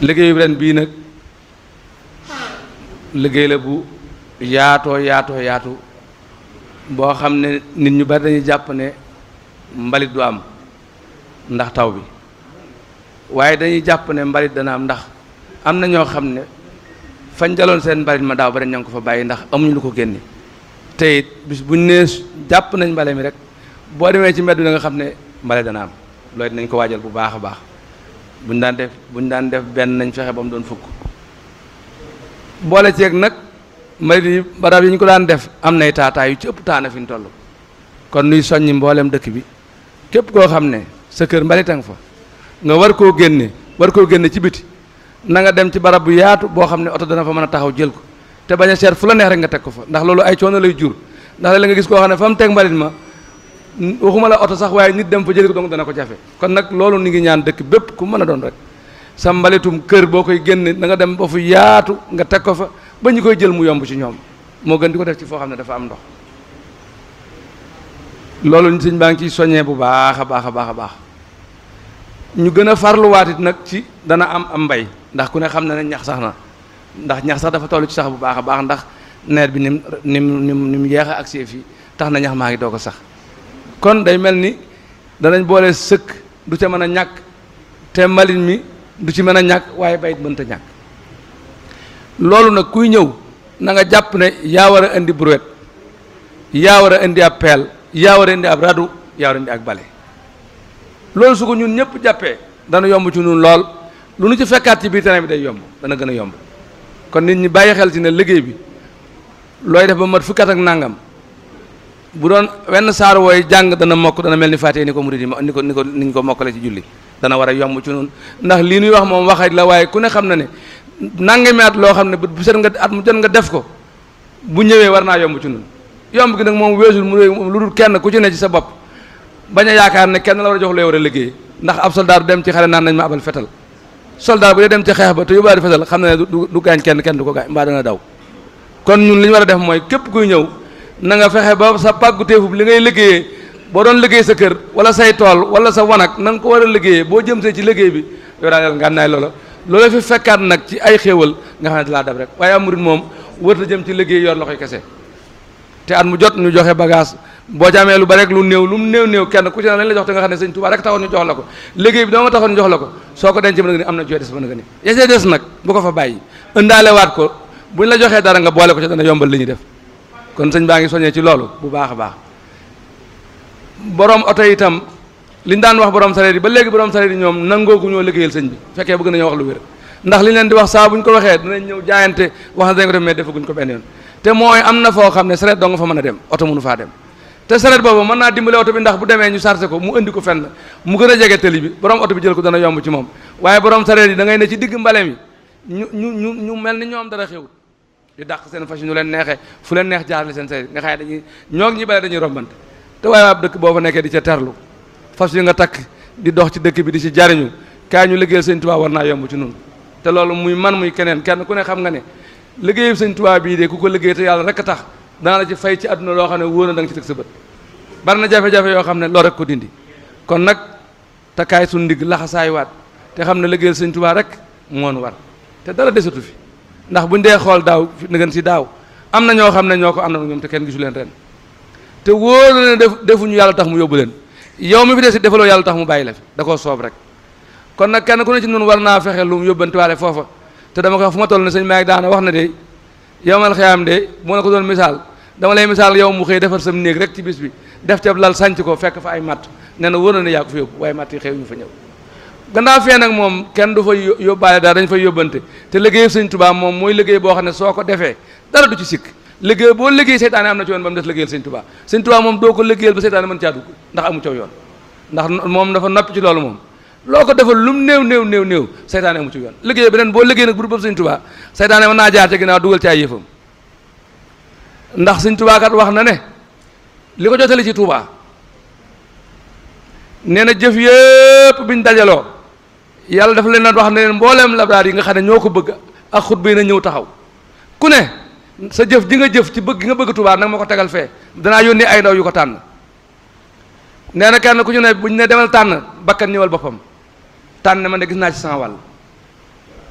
liggéeyu ren bii nag liggéey bu yaatoo yaatoo yaatu boo xam ne nit ñu bari dañuy jàpp ne mbalit du am ndax taw bi waaye dañuy jàpp ne mbalit dana am ndax am na xam ne fañ jaloon seen mbalit ma daaw ba ña fa bàyyi ndax amuñu ko génne te it buñ nee jàpp nañ mbale mi rek boo demee ci mbedd bi da xam ne mbale dana am loolu dinañ ko waajal bu baax a baax bu ñu daan def bu ñu daan def benn nañ fexe ba mu doon fukk boole ceeg nag mbalit yi barab yi ñu ko daan def am nay taataay yu ëpp taana fi ñu toll kon nuy soññi mboolem dëkk bi képp koo xam ne sa kër mbalitang fa nga war koo génne war koo génne ci biti nanga dem ci barab bu yaatu boo xam ne oto dana fa mën a taxaw jël ko te bañ a seet fu la neex rek nga teg ko fa ndax loolu ay coono lay jur ndax la nga gis koo xam ne fa mu teg mbalit ma waxuma la auto sax waye nit dem fa jël ko donc dana ko jafé kon nak lolu ni ngi ñaan dekk bépp ku mëna doon rek sa mbalitum kër bokay genn na nga dem ba fu yaatu nga tek ko fa bañ jël mu yomb ci ñom mo gën diko def ci fo xamne dafa am ndox lolu ñu señ baang ci soñé bu baaxa baaxa baaxa baax ñu gëna farlu nak ci dana am am bay ndax ku ne xamna na nyaksa ñax saxna ndax ñax sax dafa tollu ci sax bu baaxa baax ndax neer bi nim nim nim yeex a tax na ñax doko sax kon day mel ni danañ boole sëkk du ca mën a ñàkk te mbalit mi du ci mën a ñàkk waaye bayit mënta ñàkk loolu nag kuy ñëw nanga jàpp ne yaa war a indi brouette yaa war a indi ab peel yaa war a indi ab radu yaa war a indi ak bale loolu su ko ñun ñëpp jàppee dana yomb ci ñun lool lu nu ci fekkaat ci biir terrain bi day yomb dana gën a yomb kon nit ñi bàyyi xel ci ne liggéey bi looy def ba mat fukkat ak nangam bu doon wenn saar wooy jàng dana mokk dana mel ni fàttee ni ko murid yi ni ko ni ko ni ñu ko mokkale ci julli dana war a yomb ci noonu ndax lii nuy wax moom waxaj la waaye ku ne xam na ne nangami at loo xam ne bu set nga at mu jot nga def ko bu ñëwee war naa yomb ci noonu yomb gi nag moom weesul mu lu dul kenn ku ci ne ci sa bopp bañ a yaakaar ne kenn la war a jox lay war a liggéey ndax ab soldat dem ci xare naan nañ ma abal fetal soldat bu dee dem ci xeex ba te yóbbaale fetal xam na ne du kenn kenn du ko gaañ mbaa dana daw kon ñun li ñu war def mooy képp kuy ñëw nanga fexe ba sa pàgguteefub li ngay liggéeyee boo doon liggéey sa kër wala say tool wala sa wanag na nga ko war a liggéeyee boo jëmsee ci liggéey bi yow daal ngànnaay loola loola fi fekkaat nag ci ay xéewal nga xam ne dalaa dab rek waaye amurit moom wërta jëm ci liggéey yor loxoy kese te at mu jot ñu joxe bagage boo jaamee lu bari rek lu néew lu mu néew néew kenn ku ci ne lañ la jox te nga xam ne sëñ Tuubaa rek taxoon ñu jox la ko liggéey bi doo jox la ko soo ko denc mën nga am na joy des mën nga ni ya des ko fa bàyyi ëndaalewaat ko buñ la joxee dara nga boole ko ci dana yombal li ñuy kon sëñ baa ngi soññee ci loolu bu baax a baax borom oto tam liñ daan wax borom sareet yi ba léegi borom sareet yi ñoom nangoogu ñoo liggéeyal sëñ bi fekkee bëgg nañoo wax lu wér ndax liñ leen di wax saa buñ ko waxee dinañ ñëw jaayante wax dañ ko def mais ko benn yoon te mooy am na foo xam ne sareet doo nga fa mën a dem oto mënu faa dem te sareet boobu mën naa dimbale oto bi ndax bu demee ñu chargé ko mu indi ko fenn mu gën a jege tëli bi borom oto bi jël ko dana yomb ci moom waaye borom sareet yi da ngay ne ci digg mbale mi ñu ñu ñu mel ni ñoom dara xewut di dàq seen fas yi ñu leen neexee fu leen neex jaarale seen say nga xaye dañuy ñoo ñi bale dañuy rombante te waaye ab dëkk boo fa nekkee di ca terlu fas yi nga takk di dox ci dëkk bi di ci jariñu kaay ñu liggéeyal sëñ Tuubaa war naa yomb ci nun te loolu muy man muy keneen kenn ku ne xam nga ne liggéeyu sëñ Tuubaa bii de ku ko liggéey te yàlla rek a tax dana la ci fay ci àdduna loo xam ne wóor na da ci teg sa bët bari na jafe-jafe yoo xam ne loolu rek ko dindi kon nag takkaay suñ ndigg laxasaay waat te xam ne liggéeyal sëñ Tuubaa rek moon war te dara desatu fi ndax bu ñu dee xool daaw na ngeen si daaw am na ñoo xam ne ñoo ko àndoon ñoom te kenn gisu leen ren te wóor na ne def defuñu yàlla tax mu yóbbu leen yow mi fi des defaloo yàlla tax mu bàyyi la fi da koo soob rek kon nag kenn ku ne ci noonu war naa fexe lu mu yóbbantiwaale foofa te dama ko wax fu ma toll ne sañ sëñ Maalik daana wax na de yowmal xiyaam de moo na ko doon misaal dama lay misaal yow mu xëy defar sam néeg rek ci bis bi def ca lal sànc ko fekk fa ay matt ne yaa ko fi yóbbu waaye yi xëy ñu fa ñëw gannaaw fee nag moom kenn du fa yóbbaale dara dañ fay yóbbante te liggéey sëñ Tuubaa moom mooy liggéey boo xam ne soo ko defee dara du ci sikk liggéey boo liggéey seytaane am na ci yoon ba mu des liggéeyal sëñ Tuubaa sëñ Tuubaa moom doo ko liggéeyal caa dugg ndax amu caw yoon ndax moom dafa noppi ci loolu moom loo ko defal lum néew néew néew néew seytaane amu ci yoon liggéey beneen boo liggéey nag bu dul boobu sëñ Tuubaa seytaane mën naa jaar ca ginnaaw dugal ci ay ndax sëñ Tuubaa wax na ne li ko jotali ci Tuubaa nee na jëf yëpp biñ dajaloo yalla dafa leen wax ne mbollem mbooleem yi nga xane ñoko bëgg ak khutba yi na taxaw ku ne sa jëf ji nga jëf ci bëgg nga bëgg tuba nak mako tégal fé dana yoni ay ndaw yu ko tan nee na kenn ku ñu ne bu ñu ne demal tànn bakkan ñëwal tan tànn man de gis naa ci sama wal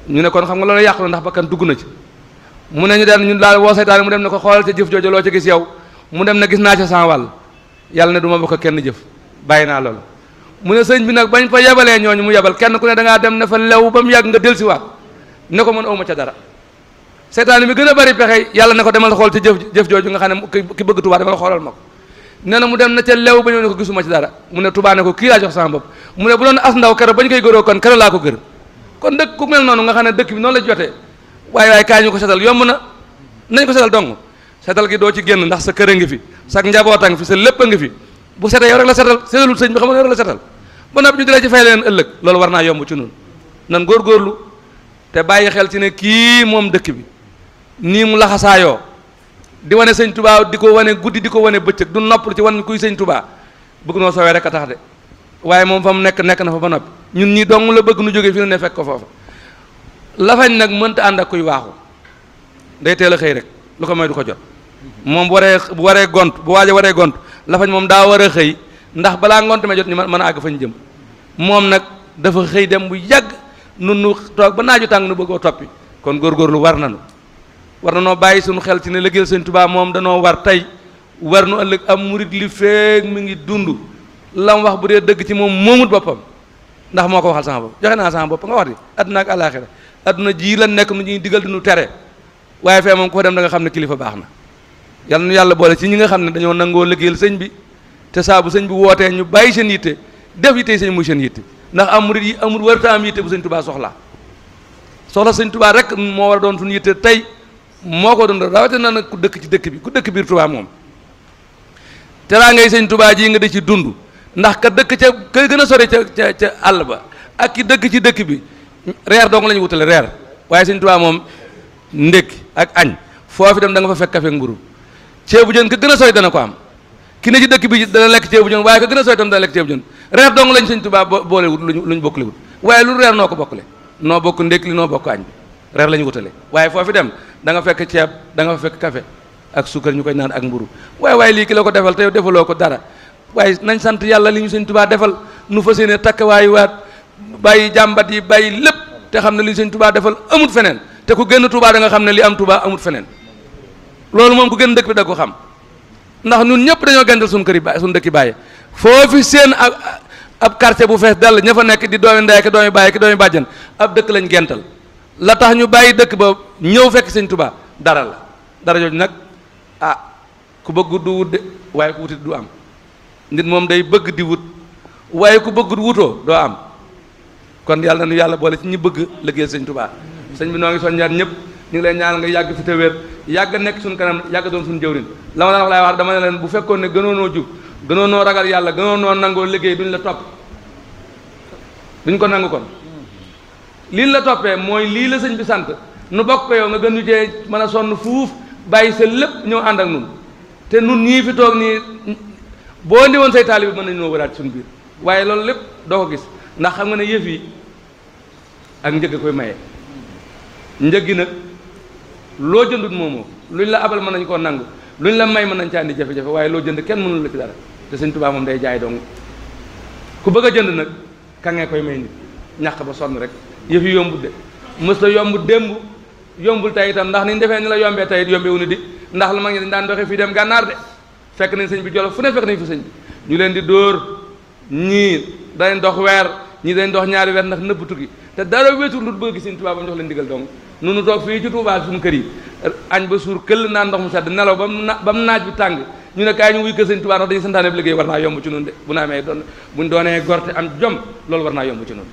ñu ne kon xam nga loolu yaq na ndax bakkan dugg na ci mu ne ñu dal ñu daal wo setan mu dem ne ko xol ci jëf jojo lo ci gis yow mu dem ne gis naa ci sama wal yalla ne duma ma kenn jëf bayina loolu mu ne sëñ bi nak bañ fa yabalé ñooñu mu yabal kenn ku ne da nga dem na fa lew yag nga del ci dellusiwaat ne ko man awma ca dara setan mi gëna bari pexé yalla ne ko demal xol ci jëf jëf joju nga xam ki bëgg tuba demal xolal mako ko na mu dem na ca lew ba ne ko gisuma ci dara mu ne tubaa ne ko ki la jox sama bop mu ne bu doon as ndaw bañ koy gëro kon la ko gër kon dekk ku mel nonu nga dekk bi non la way way kañu ko setal yom na nañ ko setal dong setal gi do ci genn ndax sa kër fi sak njabotang fi sa lepp nga fi bu setee yow rek la setal setalul sëñ bi xam nga yow rek la setal ba noppi ñu di la ci fay leen ëllëg loolu war naa yomb ci ñun nan góorgóorlu te bàyyi xel ci ne kii moom dëkk bi nii mu laxasaayoo di wane sëñ tubaa di ko wane guddi di ko wane bëccëg du noppal ci wan kuy sëñ tubaa bëgg noo soowee rek tax de waaye moom fa mu nekk nekk na fa ba noppi ñun ñi dong la bëgg nu jógee fi ne fekk ko foofa lafañ nag mënta ànd ak kuy waaxu day teel xëy rek lu ko moy du ko jot moom bu waree bu waree gont bu waaja waree gont la fañ mom da wara xey ndax bala ngont me jot ni man ag fañ jëm mom nak dafa xey dem bu yag nun nu toog ba naaju tang nu bëggo topi kon lu war nañu war nañu bayyi suñu xel ci ne leggel sëñ tubaa mom danoo war tay war nu ëlëk am mourid li feek mi ngi dundu lam wax bu dee deug ci mom momut bopam ndax moko waxal sama bop joxe sama bop nga wax di aduna ak aduna ji la nek nu ñi digal du nu téré waye fe mom ko dem da nga xamne kilifa baxna yal na yàlla boole ci ñi nga xam ne dañoo nangoo liggéeyal sëñ bi te saa bu sëñ bi wootee ñu bàyyi seen yitte def yitte sëñ muy seen yitte ndax amul yi amul warut a am yitte bu sëñ tubaa soxla soxla sëñ tubaa rek moo war a doon suñu yitte tey moo ko doon rawatina nag ku dëkk ci dëkk bi ku dëkk biir tubaa moom teraa ngay sëñ tubaa jii nga di ci dund ndax ka dëkk ca ka gën a sore ca ca àll ba ak ki dëkk ci dëkk bi reer dong la ñu wutale reer waaye sëñ tubaa moom ndékki ak añ foofu dem da nga fa fekk kafe ceebu jën ka gën a sooy dana ko am ki ne ci dëkk bi dana lekk ceebu jën waaye ka gën a sooy tam dana lekk ceebu jën reer dong lañ sëñ Tuubaa boole wut luñ luñ bokkule wut waaye lu reer noo ko bokkule noo bokk ndékk li noo bokk añ bi reer la ñu wutale waaye foofu dem danga fekk ceeb da fekk café ak suukar ñu koy naan ak mburu waaye waaye lii ki la ko defal te yow defaloo ko dara waaye nañ sant yàlla li ñu sëñ Tuubaa defal nu fa fas yéene takkawaayu waat bàyyi jàmbat yi bàyyi lépp te xam ne li ñu sëñ defal amut feneen te ku génn Tuubaa da nga xam ne li am Tuubaa amut feneen lolou mom ku gën dekk bi da ko xam ndax ñun ñëpp dañoo gàndal suñu këri baay suñu dekk baay fofu seen ab ab quartier bu fess dal ñafa nekk di doomi ndey ak doomi baay ak doomi bàjjan ab dekk lañu gental la tax ñu bàyyi dekk ba ñew fekk sëñ touba dara la dara joj nak ah ku bëgg du wut waye ku wut du am nit mom day bëgg di wut waye ku bëgg du wuto do am kon yalla nañu yalla boole ci ñi bëgg liggéey sëñ touba sëñ bi noo ngi ñaar ñepp ñu ngi leen ñaanal nga yàgg si te yàgg nekk suñu kanam yàgg doon suñu jëwrin la ma daan wax laay wax dama ne leen bu fekkoon ne gënoonoo jub gënoonoo ragal yàlla gënoonoo nangoo liggéey duñ la topp duñ ko nangu kon lii la toppee mooy lii la sëñ bi sant nu bokk ko yow nga gën ñu cee mën a sonn fuuf bàyyi sa lépp ñëw ànd ak nun te nun ñii fi toog nii boo indi woon say taalibe mën nañu noo waraat suñu biir waaye loolu lépp doo ko gis ndax xam nga ne yëf yi ak njëg koy maye njëg gi lo jëndut momo, luñ la abal mënañ ko nang nangu luñ la may mënañ ci andi jafé jafé waye lo jënd kenn mënul la ci dara te sëñ tubaa mom day jaay dong ku bëgg jënd nak ka nga koy may nit ñak ba son rek yef yu yombu de mësta yombu dembu yombul tay tam ndax ni defee ni la yombé tay yombé wuñu di ndax lu mag ñi daan doxé fi dem gànnaar de fekk ni bi fu ne fekk ni fi ñu leen di door ñi dañ dox ñi dañ dox ñaari ndax tukki te dara wétu lu bëgg ba jox leen digal dong nu nu toog fii ci Touba suñu kër yi añ ba suur këll naan ndox mu sedd nelaw ba mu ba mu naaj bu tàng ñu ne kaay ñu wuy kër sëñ Touba ndax dañuy santaane bi liggéey war naa yomb ci nun gorte am jom loolu war naa yomb ci nun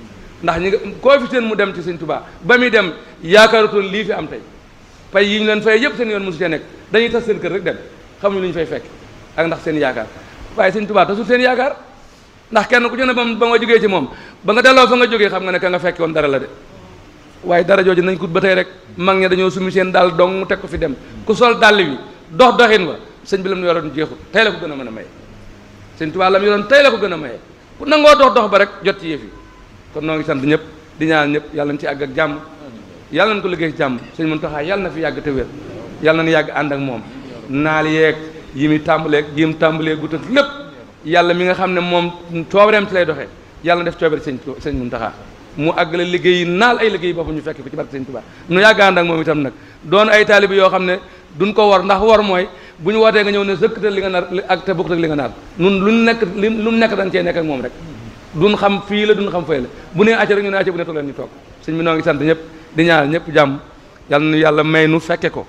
ndax ñi nga koo fi seen mu dem ci sëñ Touba ba muy dem yaakaarutoon lii am tey pay yi ñu leen fay yëpp seen yoon mosu cee dañuy tas seen kër rek dem ñu fay fekk ak ndax seen yaakaar waaye sëñ Touba tasul seen yaakaar ndax kenn ku ci ne ba nga jógee ci moom ba nga delloo fa nga jógee xam nga ne ka nga fekk woon dara la de waaye dara jooju nañ ko ba tey rek mag ña dañoo sumi seen daal dong mu teg ko fi dem ku sol dàll wi dox doxin wa sëñ bi la mu yoroon jeexut tey la ko gën a mën a maye sëñ Tuubaa la mu yoroon ko gën a maye ku nangoo dox dox ba rek jot ci yëf yi kon noo ngi sant ñëpp di ñaan ñëpp yàlla nañ ci àgg ak jàmm yàlla nañ ko liggéey ci jàmm sëñ mun taxaa yàlla na fi yàgg te wér yàlla nañ yàgg ànd ak moom naal yeeg yi muy tàmbaleeg yi mu tàmbalee gutal lépp yàlla mi nga xam ne moom coobareem ci lay doxee yàlla def coobare sëñ sëñ Muntaxa mu àggale liggéey naal ay liggéey boobu ñu fekk ko ci barke Sëñ Tuubaa nu yàgg ànd moom itam nag doon ay taalibe yoo xam ne duñ ko war ndax war mooy bu ñu wootee nga ñëw ne sëkkatal li nga ak te bokkut ak li nga nar nun luñ nekk li lu mu nekk dañ cee nekk ak moom rek duñ xam fii la duñ xam fay la bu nee acca rek ñu ne acca bu ne toog leen ñu toog sëñ bi noo ngi sant ñëpp di ñaan ñëpp jàmm yàlla nu yàlla may nu fekke ko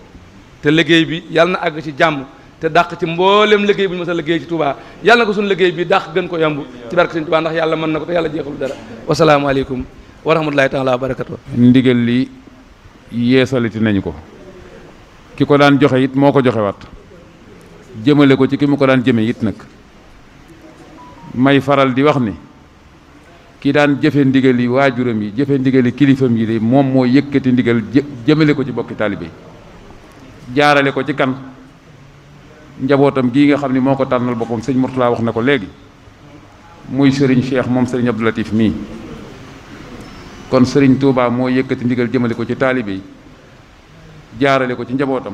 te liggéey bi yàlla na àgg ci jàmm te dàq ci mboolem liggéey bu ñu mës a liggéey ci Touba yàlla na ko suñu liggéey bi dàq gën ko yomb ci barke ndax yàlla mën na ko te yàlla jeexul dara wasalaamaaleykum wa rahmatulahi taala wa barakatu ndigal li yeesaliti nañu ko ki ko daan joxe it moo ko joxewaat jëmale ko ci ki mu ko daan jëme it nag may faral di wax ni ki daan jëfe yi waajuram yi jëfe ndigal yi kilifam yi de moom moo yëkkati ndigal jëmale ko ci bokki taalibe yi jaarale ko ci kan njabotam gi nga xamni moko tanal ko tànnal murtala wax na ko muy serigne Cheikh mom serigne Abdou Latif mi kon serigne Touba mo yekati ndigal jëmale ko ci talibi jaarale ko ci njabotam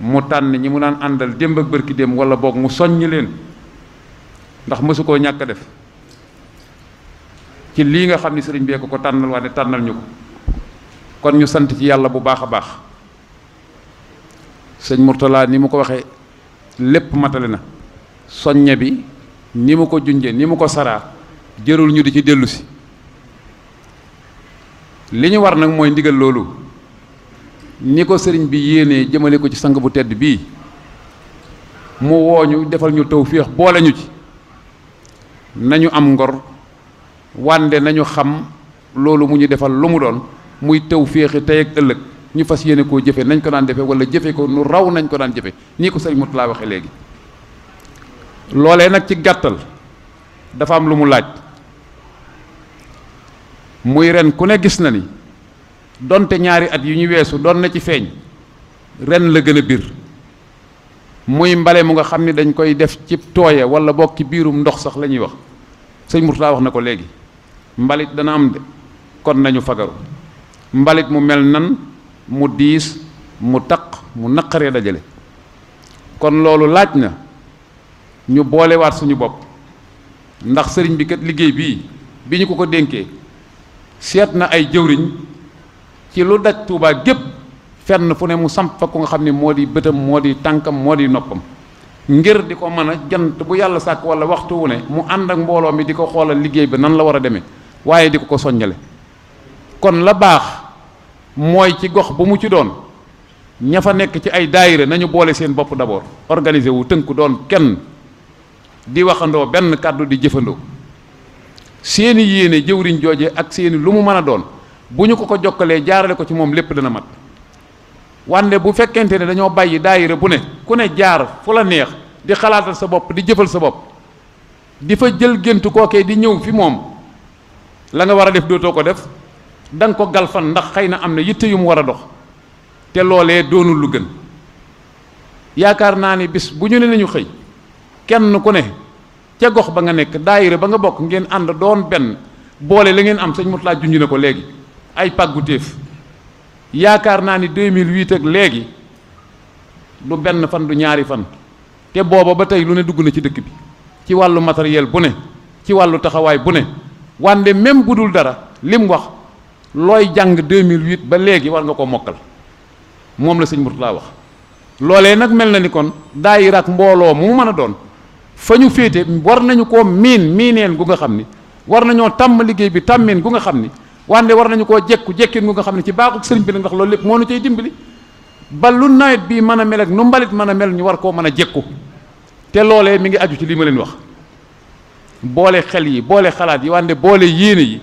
mu tan ni mu nan andal demb ak barki dem wala bok mu soññ leen ndax mësu def ci li nga xamni serigne sëriñ ko tanal wa ne tànnal kon ñu sant ci yalla bu baaxa baax sëñ Mourtala ni mu ko waxee lépp matale na soññe bi ni mu ko junje ni mu ko saraa jërul ñu di ci dellusi li ñu war nag mooy ndigal loolu ni ko sëriñ bi yéenee jëmale ko ci sang bu tedd bii mu woo wooñu defal ñu tawféex boole ñu ci nañu am ngor wande nañu xam loolu mu ñu defal lu mu doon muy féexi tey ak ëllëg ñu fas yéene koo nañ ko daan défé wala jëfé ko nu raw nañ ko daan jëfé ni ko sëriñ Murtala waxé légui lolé nak ci gattal dafa am lu mu laaj muy ren ku ne gis na ni donte ñaari at yu ñu don na ci ren la gëna bir muy mbalé mu nga xamni dañ koy def ci toyé wala bok ci biirum ndox sax lañuy wax Murtala wax na légui mbalit dana am de kon nañu fagaru mbalit mu mel nan mu diis mu taq mu naqaree dajale kon loolu laaj na ñu boolewaat suñu bopp ndax sëriñ bi kat liggéey bii bi ñu ko ko dénkee seet na ay jëwriñ ci lu daj tuubaa gépp fenn fu ne mu samp fa ku nga xam ne moo di bëtam moo di tànkam moo di noppam ngir di ko mën a jant bu yàlla sàkk wala waxtu wu ne mu ànd ak mbooloo mi di ko xoolal liggéey bi nan la war a demee waaye di ko ko soññale kon la baax mooy ci gox bu mu ci doon ña fa nekk ci ay daayira nañu boole seen bopp d'abord organiser wu tënku doon kenn di waxandoo benn kàddu di jëfandoo seeni yéene jëwriñ jooje ak seeni lu mu mën a doon bu ñu ko ko jokkalee jaarale ko ci moom lépp dana mag wande bu fekkente ne dañoo bàyyi daayira bu ne ku ne jaar fu la neex di xalaatal sa bopp di jëfal sa bopp di fa jël géntu kookee di ñëw fi moom la nga war a def dootoo ko def dang ko galfan ndax xeyna amna yitte yum wara dox te lolé doonul lu gën yaakar naani bis bu ñu ne nañu xey kenn ku ne ca gox ba nga nek daayira ba nga bok ngeen and doon ben boole la ngeen am señ mutla junj ko legi ay pàggu yaakar naani 2008 ak legi du ben fan du ñaari fan te booba ba tey lu ne dugg na ci dëkk bi ci wàllu matériel bu ne ci wàllu taxawaay bu ne wande même budul dara lim wax looy jàng 2008 ba léegi war nga ko mokkal moom la sëñ Murtala wax loolee nag mel na ni kon daayira ak mbooloo mu mën a doon fa ñu féete war nañu ko miin miineen gu nga xam ni war nañoo tàmm bi tàmmeen gu nga xam ni wante war nañu koo jekku jekkin gu nga xam ne ci baaxu sëriñ bi nag ndax loolu lépp moo nu cay dimbali ba lu nawet bii mën a mel ak nu mbalit mën a mel ñu war koo mën a jekku te loolee mi ngi aju ci li ma leen wax boole xel yi boole xalaat yi wande boole yéene yi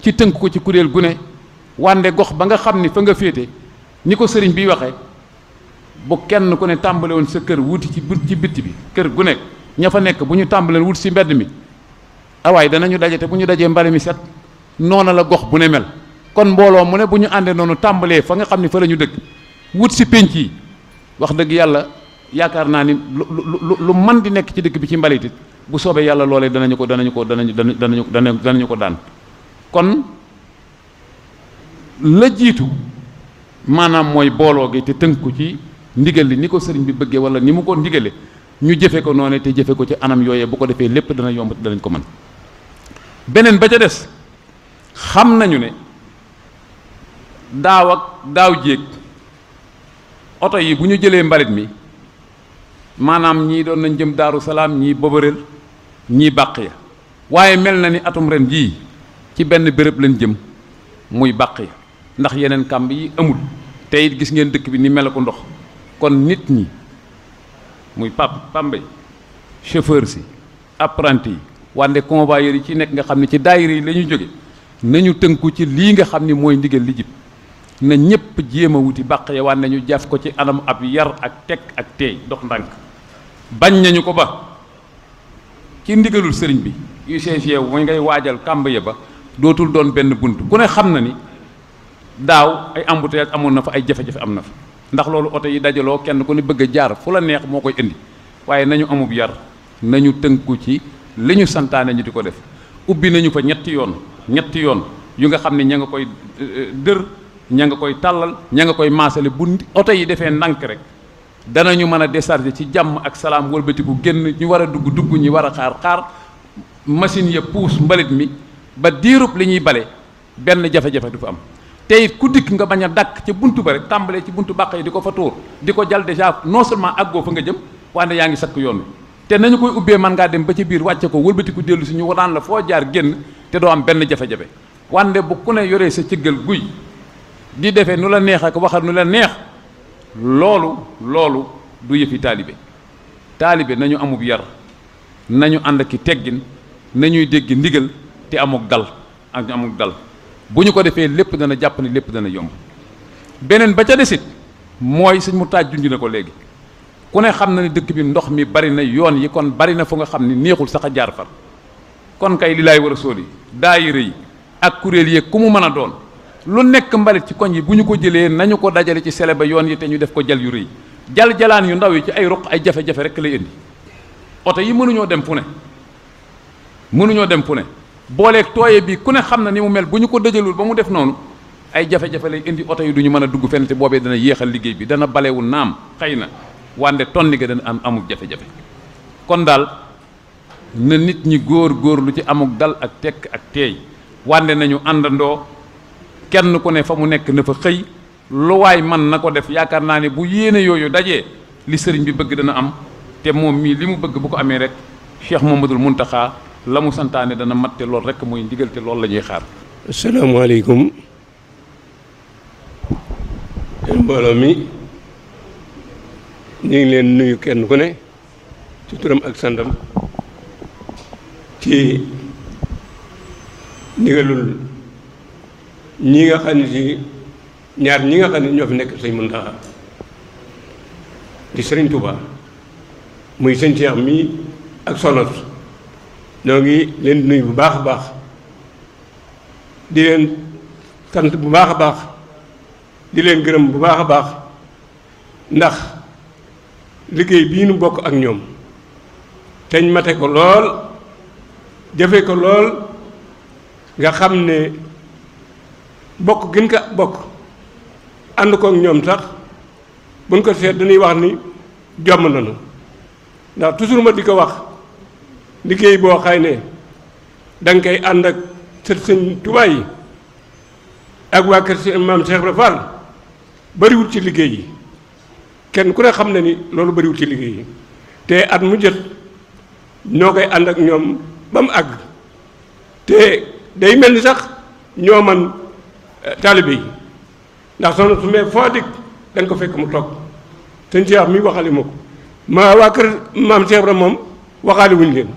ci tënk ko ci kuréel gu ne wande gox ba nga xam ni fa nga féete ni ko sëriñ bi waxee bu kenn ku ne tàmbale sa kër wuti ci bit ci bitti bi kër gu nekk ña fa nekk bu ñu tàmbaleen wut si mbedd mi awaay danañu daje te bu ñu dajee mbari mi set noona la gox bu ne mel kon mbooloo mu ne bu ñu àndee noonu tàmbalee fa nga xam ni fa la ñu dëkk wut si pénc yi wax dëgg yàlla yaakaar naa ni lu lu lu man di nekk ci dëkk bi ci mbalitit bu soobee yàlla loolee danañu ko danañu ko danañu danañu danañu ko daan kon la jiitu maanaam mooy booloo gi te tënku ci ndigal li ni ko sëriñ bi bëggee wala ni mu ko ndigale ñu jëfe ko noone te jëfe ko ci anam yooyee bu ko defee lépp dana yomb danañ ko mën beneen ba ca des xam nañu ne daaw ak daaw jéeg oto yi bu ñu jëlee mbalit mi maanaam ñii doon nañ jëm daaru salaam ñii bobareel ñii bàq ya waaye mel na ni atum ren jii ci benn béréb lañ jëm muy bàq ya ndax yeneen kàmb yi amul tey gis ngeen dëkk bi ni mel ko ndox kon nit ñi muy pap pambe chauffeur si apprenti yi wande convoyeur yi ci nekk nga xam ne ci daayira yi lañuy ñu jóge nañu tënku ci lii nga xam ni mooy ndigal li jib na ñépp jéem a wuti bàq ya wande ñu jaf ko ci anamu ab yar ak teg ak teey dox ndànk bañ nañu ko ba ci ndigalul sëriñ bi UCG mooy ngay waajal kàmb ya ba dootul doon benn bunt ku ne xam na ni daaw ay embouteillage amoon na fa ay jafe-jafe am na fa ndax loolu oto yi dajaloo kenn ku ne bëgg a jaar fu la neex moo koy indi waaye nañu amub yar nañu tënku ci li ñu santaane ñu di ko def ubbi nañu fa ñetti yoon ñetti yoon yu nga xam ne ña nga koy eh, eh, dër ña nga koy tàllal ña nga koy maasale bu oto yi defee ndànk rek dana ñu mën a décharger ci jàmm ak salaam wëlbatiku génn ñu war a dugg dugg ñi war a xaar xaar machine ya puus mbalit mi ba diirub li ñuy bale benn jafe du fa am tey ku dikk nga bañ a dàkk ca buntu ba rek tàmbalee ci buntu bàq yi di ko fa tuur di ko jal déjà non seulement àggoo fa nga jëm waaye yaa ngi sakk yoon wi te nañu koy ubbee man ngaa dem ba ci biir wàcce ko wëlbatiku dellu si ñu waraan la foo jaar génn te doo am benn jafe-jafe wande bu ku ne yoree sa cëggal guy di defee nu la neex ak waxal nu la neex loolu loolu du yëfi taalibe taalibe nañu amub yar nañu ànd ki teggin nañuy dégg ndigal te amuk dal ak ñu dal bu ñu ko defee lépp dana jàpp ni lépp dana yomb beneen ba ca desit mooy sëñ mu taaj junj na ko léegi ku ne xam na ni dëkk bi ndox mi bari na yoon yi kon bari na fu nga xam ni neexul sax a jaar far kon kay li laay war a sóol yi daayira yi ak kuréel yi ku mu mën a doon lu nekk mbalit ci koñ yi bu ñu ko jëlee nañu ko dajale ci sele ba yoon yi te ñu def ko jal yu rëy jal jalaan yu ndaw yi ci ay ruq ay jafe-jafe rek lay indi oto yi mënuñoo dem fu ne mënuñoo dem fu booleek tooye bi ku ne xam na ni mu mel bu ñu ko dëjalul ba mu def noonu ay jafe-jafe lay indi oto yi du ñu mën a dugg fenn te boobee dana yéexal liggéey bi dana balewu naam xëy na wande tonni ga dana am amul jafe-jafe kon daal na nit ñi góor góor lu ci amuk dal ak tekk ak teey wande nañu àndandoo kenn ku ne fa mu nekk na fa xëy lu waay man na ko def yaakaar naa ne bu yéene yooyu dajee li sëriñ bi bëgg dana am te moom mii li mu bëgg bu ko amee rek Cheikh Mamadul Muntaxa la mu santaane dana matte lool rekk mooy ndigal te loolu la ñuy xaar. asalaamaaleykum mbooloo mi ñu ngi leen nuyu kenn ku ne ci turam ak santam ci ndigalul ñi nga xam ne ñaar ñi ne ñoo fi nekk sëñ Muntaxa di sëriñ Touba muy sëñ mi ak soxna ñoo leen nuyu bu baax a baax di leen sant bu baax a baax di leen gërëm bu baax a baax ndax liggéey bii nu bokk ak ñoom teñ mate ko lool jëfe ko lool nga xam ne bokk gën ka bokk ànd kook ñoom sax buñ ko seet danuy wax ni jomm nanu ndax toujours ma di ko wax liggéey boo xay ne da koy ànd ak sët sëñ Tuubaa yi ak waa kër sëñ maam Cheikh Ibra Fall ci liggéey yi kenn ku ne xam ne ni loolu bëriwul ci liggéey yi te at mu jël ñoo koy ànd ak ñoom ba mu àgg te day mel ni sax ñoo man eh, taalibe yi ndax soxna su mee foo dikk da nga ko fekk mu toog sëñ Cheikh mi waxaale ma ko ma waa kër maam Cheikh moom waxaale wuñu leen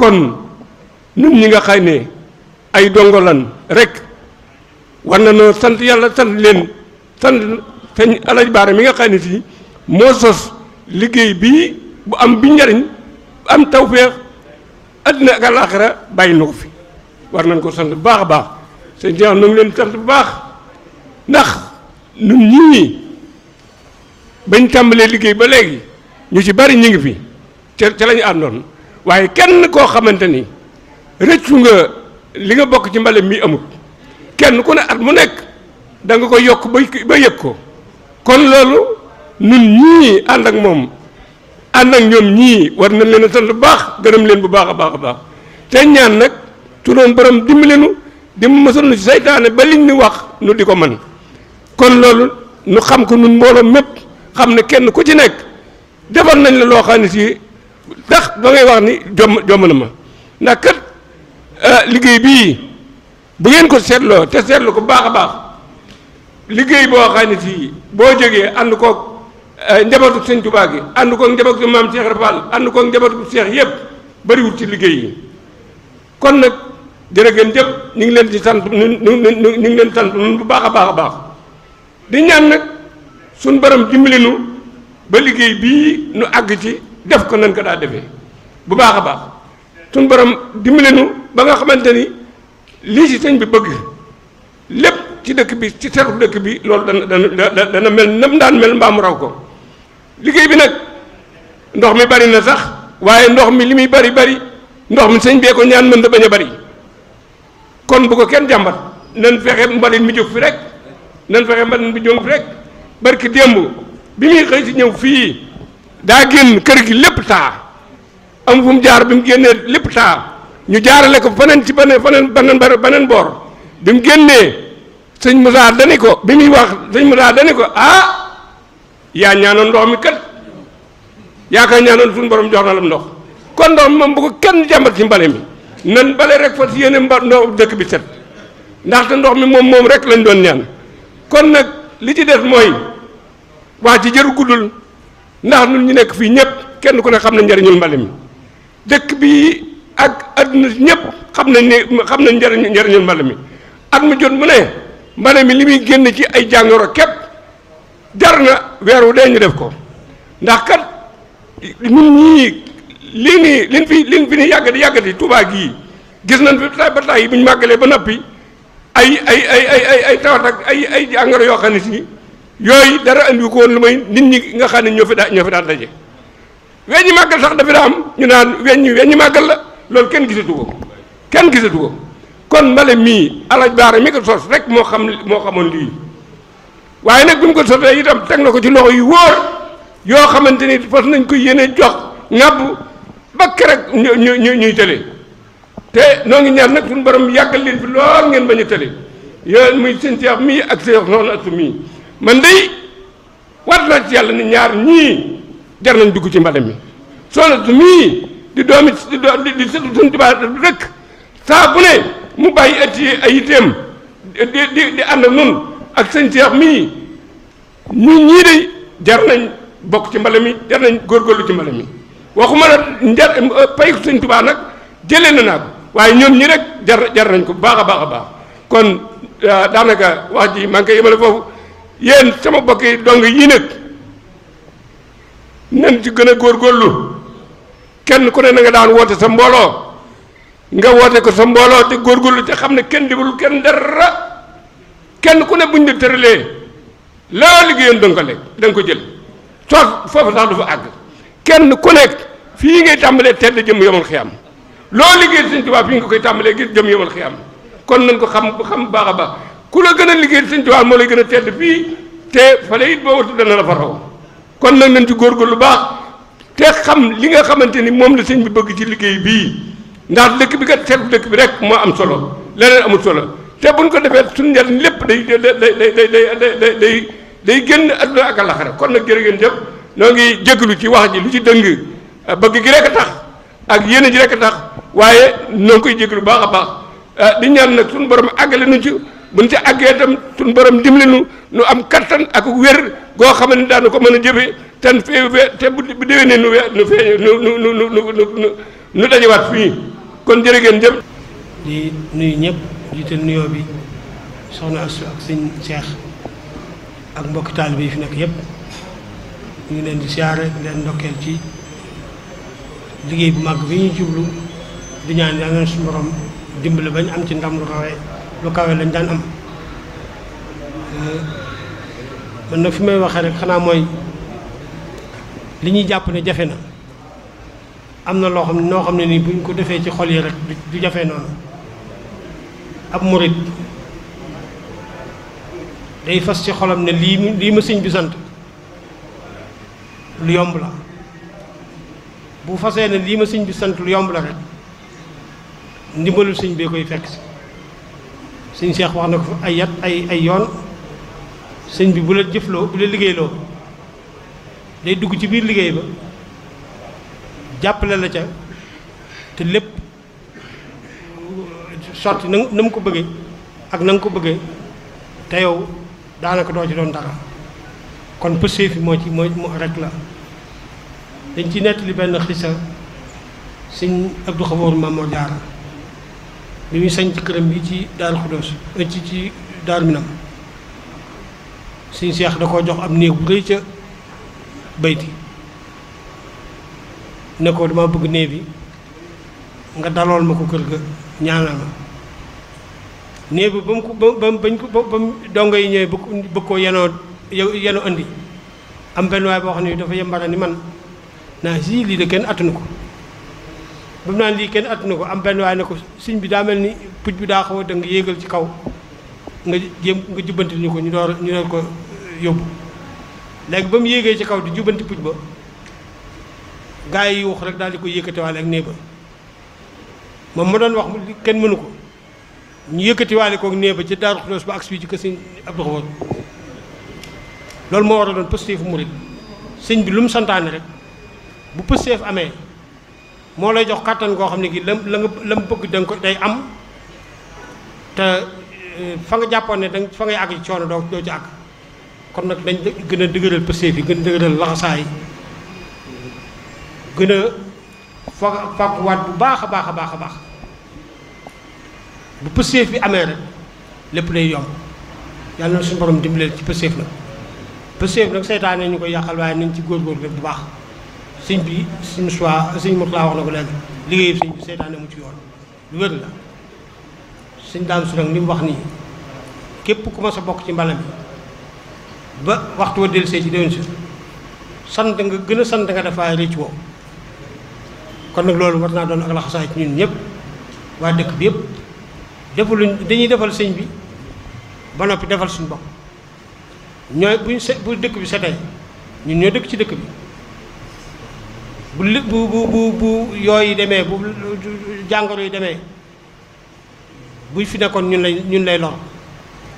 kon ñun ñi nga xam ne ay dongolan rek war na noo sant yàlla sant leen sant sëñ alaj Baara mi nga xam ne si moo sos liggéey bii bu am bi njariñ bu am tawféex àddina ak alaaxira bàyyi na ko fi war nañ ko sant bu baax a baax sëñ Cheikh nu ngi leen sant bu baax ndax ñun ñii bañ tàmbalee liggéey ba léegi ñu ci bari ñu ngi fi ca ca lañu ñu àndoon waaye kenn koo xamante ni rëccu nga li nga bokk ci mbale mi amut kenn ku ne at mu nekk danga ko yokk ba ba yëg ko kon loolu nun ñii ànd ak moom ànd ak ñoom ñii war nañ leen a sant bu baax gërëm leen bu baax a baax a baax te ñaan nag su doon borom dimbali nu dimb mësal nu ci seytaane ba liñ ñu wax nu di ko mën kon loolu nu xam ko nun mbooloo mépp xam ne kenn ku ci nekk defar nañ la loo xam ne si ndax da ngay wax ni jom jom na ma ndax kat euh, liggéey bii bu ngeen ko seetloo te seetlu ko baax a baax liggéey boo xam ne fii boo jógee ànd koog euh, njabootu sëñ tubaa gi ànd ko njabootu maam Cheikh Rafal ànd ko njabootu Cheikh yëpp bëriwul ci liggéey yi kon nag jërë ngeen jëpp ñu ngi leen di sant ñu ngi leen sant bu baax a baax a baax di ñaan nag suñ borom dimbali nu ba liggéey bii nu àgg ci def ko nan ko daa defee bu baax a baax suñ borom dimbali nu ba nga xamante ni lii ci sëñ bi bëgg lépp ci dëkk bi ci seru dëkk bi loolu dana dana dana mel nam daan mel mbaa murau raw ko liggéey bi nag ndox mi bari na sax waaye ndox mi li bari bari ndox mi sëñ bee ko ñaan mën da bañ bari kon bu ko kenn jàmbat nan fexe mbalin mi jóg fi rek nan fexe mbalin mi jóg fi rek barki démb bi muy xëy si ñëw fii daa génn kër gi lépp taa am fu mu jaar bi mu génnee lépp saa ñu jaarale ko faneen ci beneen faneen beneen beneen boor bi mu génnee sëñ Moussa dani ko bi muy wax sëñ Moussa dani ko ah yaa ñaanoon ndox mi kat yaakaar ñaanoon suñu borom jox na la ndox kon ndox mi moom bu kenn jàmbat ci mbale mi nan bale rek fa si yéene mba ndox dëkk bi set ndaxte ndox mi moom moom rek lañ doon ñaan kon nag li ci des mooy waa ci jëru guddul ndax ñun ñu nekk fii ñëpp kenn ku ne xam na njariñul mbale mi dëkk bii ak adduna ñëpp xam nañ ne xam nañ njëriñ njëriñul mbale mi at mu jot mu ne mbale mi li muy génn ci ay jàngoro képp jar na weer wu dee ñu def ko ndax kat ñun ñii lii nii liñ fi liñ fi ni yàggati yàggati Tuubaa gii gis nañ fi ba tay bu ñu màggalee ba noppi ay ay ay ay ay ay tawat ak ay jàngoro yoo xam ne yooyu dara andi ko woon lu may nit ñi nga xam ne ñoo fi daa ñoo fi daan daje weññi màggal sax dafi daa am ñu naan weññi weññi màggal la loolu kenn gisatu ko kenn gisatu ko kon mbale mii alaj baara mi ko sos rek moo xam moo xamoon lii waaye nag bi mu ko sotee itam teg na ko ci loxo yi wóor yoo xamante ni fas nañ koy yéene jox ŋàbb ba keroog ñu ñu ñu ñuy tële te noo ngi ñaan nag suñu borom yàggal leen fi lool ngeen bañ a tële yooyu muy seen seex mii ak seex noonu mii man day wat na ci yàlla ni ñaar ñii jar nañ dugg ci mbale mi soxna su mii di doomi di sëtu suñ tubaa rek saa bu ne mu bàyyi atti ay yiteem di di di ak nun ak mii ñun ñii de jar nañ bokk ci mbale mi jar nañ góorgóorlu ci mbale mi waxuma la njar pay sëñ tubaa nag jëlee na naa ko waaye ñoom ñi rek jar jar nañ ko baax a baax a baax kon euh, daanaka wax ji maa ngi koy yemale yéen sama bokk yi dong yii nag nañ ci gën a góor góorlu kenn ku ne na nga daan woote sa mbooloo nga woote ko sa mbooloo te góor góorgóorlu te xam ne kenn dibul kenn dara kenn ku ne buñ la tëralee laa liggéeyoon danga ko lekk danga ko jël soo foofu sax du fa àgg kenn ku nekk fii ngay tàmbalee tedd jëm yomal xiyam loo liggéey sëñ Tuubaa fii nga koy tàmbalee ngir jëm yomal xiyam kon nañ ko xam xam baax a baax ku la gën a liggéey sëñ Tuubaa moo lay gën a tedd bii te fale it boo watu dana la fa kon nag nañ ci lu baax te xam li nga xamante ni moom la sëñ bi bëgg ci liggéey bii ndax dëkk bi kat seetlu dëkk bi rek moo am solo leneen amut solo te buñ ko defee suñu njariñ lépp day day day day génn adduna ak alaxara kon nag jërë ngeen jëf noo ngi jégalu ci wax ji lu ci dëng bëgg gi rekk a tax ak yéene ji rek a tax waaye noo ngi koy jégalu baax a baax di ñaan nag suñu borom àggale nu ci. buñ ci àggee itam suñ borom dimbali nu nu am kattan ak wér goo xam ne daanu ko mën a jëfe ten te bu déwénee nu we nu fee nu nu nu nu fii kon jërë ngeen jëf di nuyu ñëpp jiital nuyoo bi soxna Astu ak sëñ Seex ak mbokki taalibe yi fi nekk yëpp ñu ngi leen di siyaare leen ndokkeel ci liggéey bu mag bi ñu jublu di ñaan yàlla suñ suñu borom dimbali bañ am ci ndam lu rawee lu kawe lañ daan am euh, man nag fi may waxee rek xanaa mooy li ñuy jàpp ne jafe na am na loo xam noo xam ne nii buñ ko defee ci xol yi rek du jafe noonu ab murit day fas ci xolam ne lii lii ma sëñ bi sant lu yomb la bu fasee ne lii ma sëñ bi sant lu yomb la rek ndimbalul sëñ bee koy fekk si sëñ Cheikh wax na ko ay yat ay ay yoon sëñ bi bu la jëfloo bu la liggéeyloo day dugg ci biir liggéey ba jàppale la ca te lépp sotti na na mu ko bëggee ak na nga ko bëggee te yow daanaka doo ci doon dara kon pësee fi moo ci mooy moo rek la dañ ci nettali benn xisa sëñ Abdou Xafoor Maam Mor Jaara bi muy sañ ci këram bi ci Daaru Xudoos ci ci Daaru Minam suñ seex da koo jox ab néeg bu rëy ca bayti ne ko dama bëgg néeg bi nga dalool ma ko kër ga ñaanal ma néeg bi ba mu ko ba mu bañ ko ba mu dongo yi ñëwee bëgg ko yenoo yenoo indi am benn waay boo xam ne dafa yembaraan ni man naa sii lii de kenn attanu ko ba mu naan lii kenn attuna ko am benn waaye ne ko suñ bi daa mel ni puj bi daa xaw a danga yéegal ci kaw nga jéem nga jubbantil ñu ko ñu door ñu door ko euh, yóbbu léegi ba mu yéegee ci kaw di jubbanti puj ba gars yi wax rek daal di ko yëkkatiwaale ak néeba moom ma doon wax kenn mënu ko ñu yëkkatiwaale koog néeba ci Daaru Xudoos ba ak suy ci kër sëñ Abdou loolu moo war a doon pësteefu murit sëñ bi lu mu santaane rek bu pësteef amee moo lay jox kàttan goo xam ne gi la la nga la mu bëgg da ko day am te euh, fa nga jàppoon ne danga fa ngay àgg ci coono doo doo ci àgg kon nag dañ gën a dëgëral pëseef yi gën a dëgëral laxasaay gën a fag fagwaat bu baax a baax a baax a baax bu pëseef bi amee rek lépp day yomb yàlla na suñu borom dimbaleel ci pëseef nag pëseef nag seytaane ñu koy yàqal waaye nañ ci góor góorgóorlu bu baax sëñ bi sëñ Moussa sëñ Mourtala wax na ko léegi liggéey sëñ bi seytaane mu ci yoon lu wér la sëñ daam su nag li mu wax nii képp ku ma sa bokk ci mbalam bi ba waxtu wa del see ci déwén si sant gën a sant nga dafa rëcc woo kon nag loolu war naa doon ak laxasaay ci ñun ñëpp waa dëkk bi yëpp defaluñ dañuy defal sëñ bi ba noppi defal suñu bopp ñooy buñ se bu dëkk bi setee ñun ñoo dëkk ci dëkk bi bu li bu bu bu yooyu demee bu jàngoro yi demee buy fi nekkoon ñun lay ñun lay lor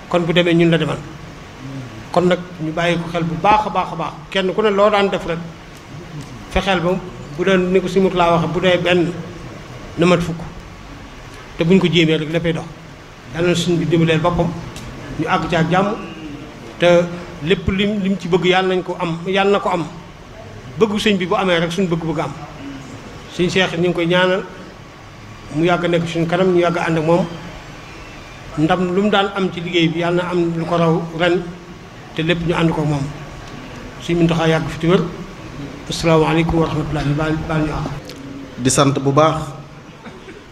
kon bu demee ñun la demal kon nag ñu bàyyi ko xel bu baax a baax a baax kenn ku ne loo daan def rek fexeel ba bu doon ni ko si mut laa waxe bu dee benn na mat fukk te buñ ko jéemee rek léppay dox yàlla na suñ bi dimbaleel boppam ñu àgg ci jàmm te lépp lim lim ci bëgg yàlla nañ ko am yàlla na ko am bëggu sëñ bi bu amé rek suñu bëgg-bëgg am suñ cheikh ñing koy ñaanal mu yag nek suñu kanam ñu yag and ak mom ndam lu mu daan am ci liggéey bi yalla na am lu ko raw ren té lepp ñu and ko mom suñ min taxa yag fi wër assalamu alaykum wa rahmatullahi wa barakatuh di sante bu baax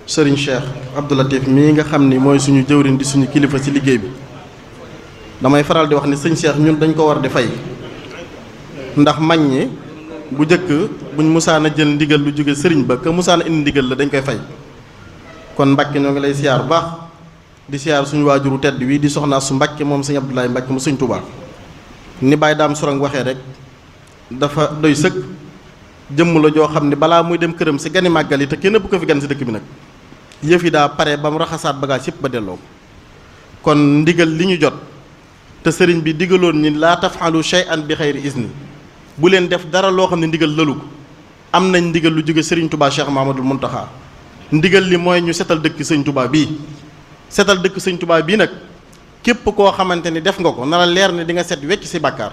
sëriñ Cheikh Abdou Latif mi nga xamni moy suñu jëwriñ di suñu kilifa ci liggéey bi damay faral di wax ni sëñ Cheikh ñun dañ ko war di fay ndax magni bu njëkk buñ musaana jël ndigal lu jóge sëriñ ba ka musaana indi ndigal la dañ koy fay kon mbacké ñoo ngi lay siar bax di siar suñu wajuru tedd wi di soxna su mbacké mom señ abdoulay mbacké mu señ touba ni bay Daam Sorong waxé rek dafa doy sëkk jëm la jo xamni bala muy dem kërëm ci gani magali te kene bu ko fi gan ci dëkk bi nak yëfi da paré pare raxasat mu raxasaat bagage yëpp ba delloo kon ndigal liñu jot te sëriñ bi digaloon ni la tafalu shay'an bi xayri izni bu len def dara lo xam ndigal lalu ko am nañ ndigal lu joge Serigne Touba Cheikh Mamadou muntaha ndigal li moy ñu setal dekk Serigne Touba bi setal dekk Serigne Touba bi nak kep ko xamanteni def nga ko na la leer ni di nga set wecc ci bakkar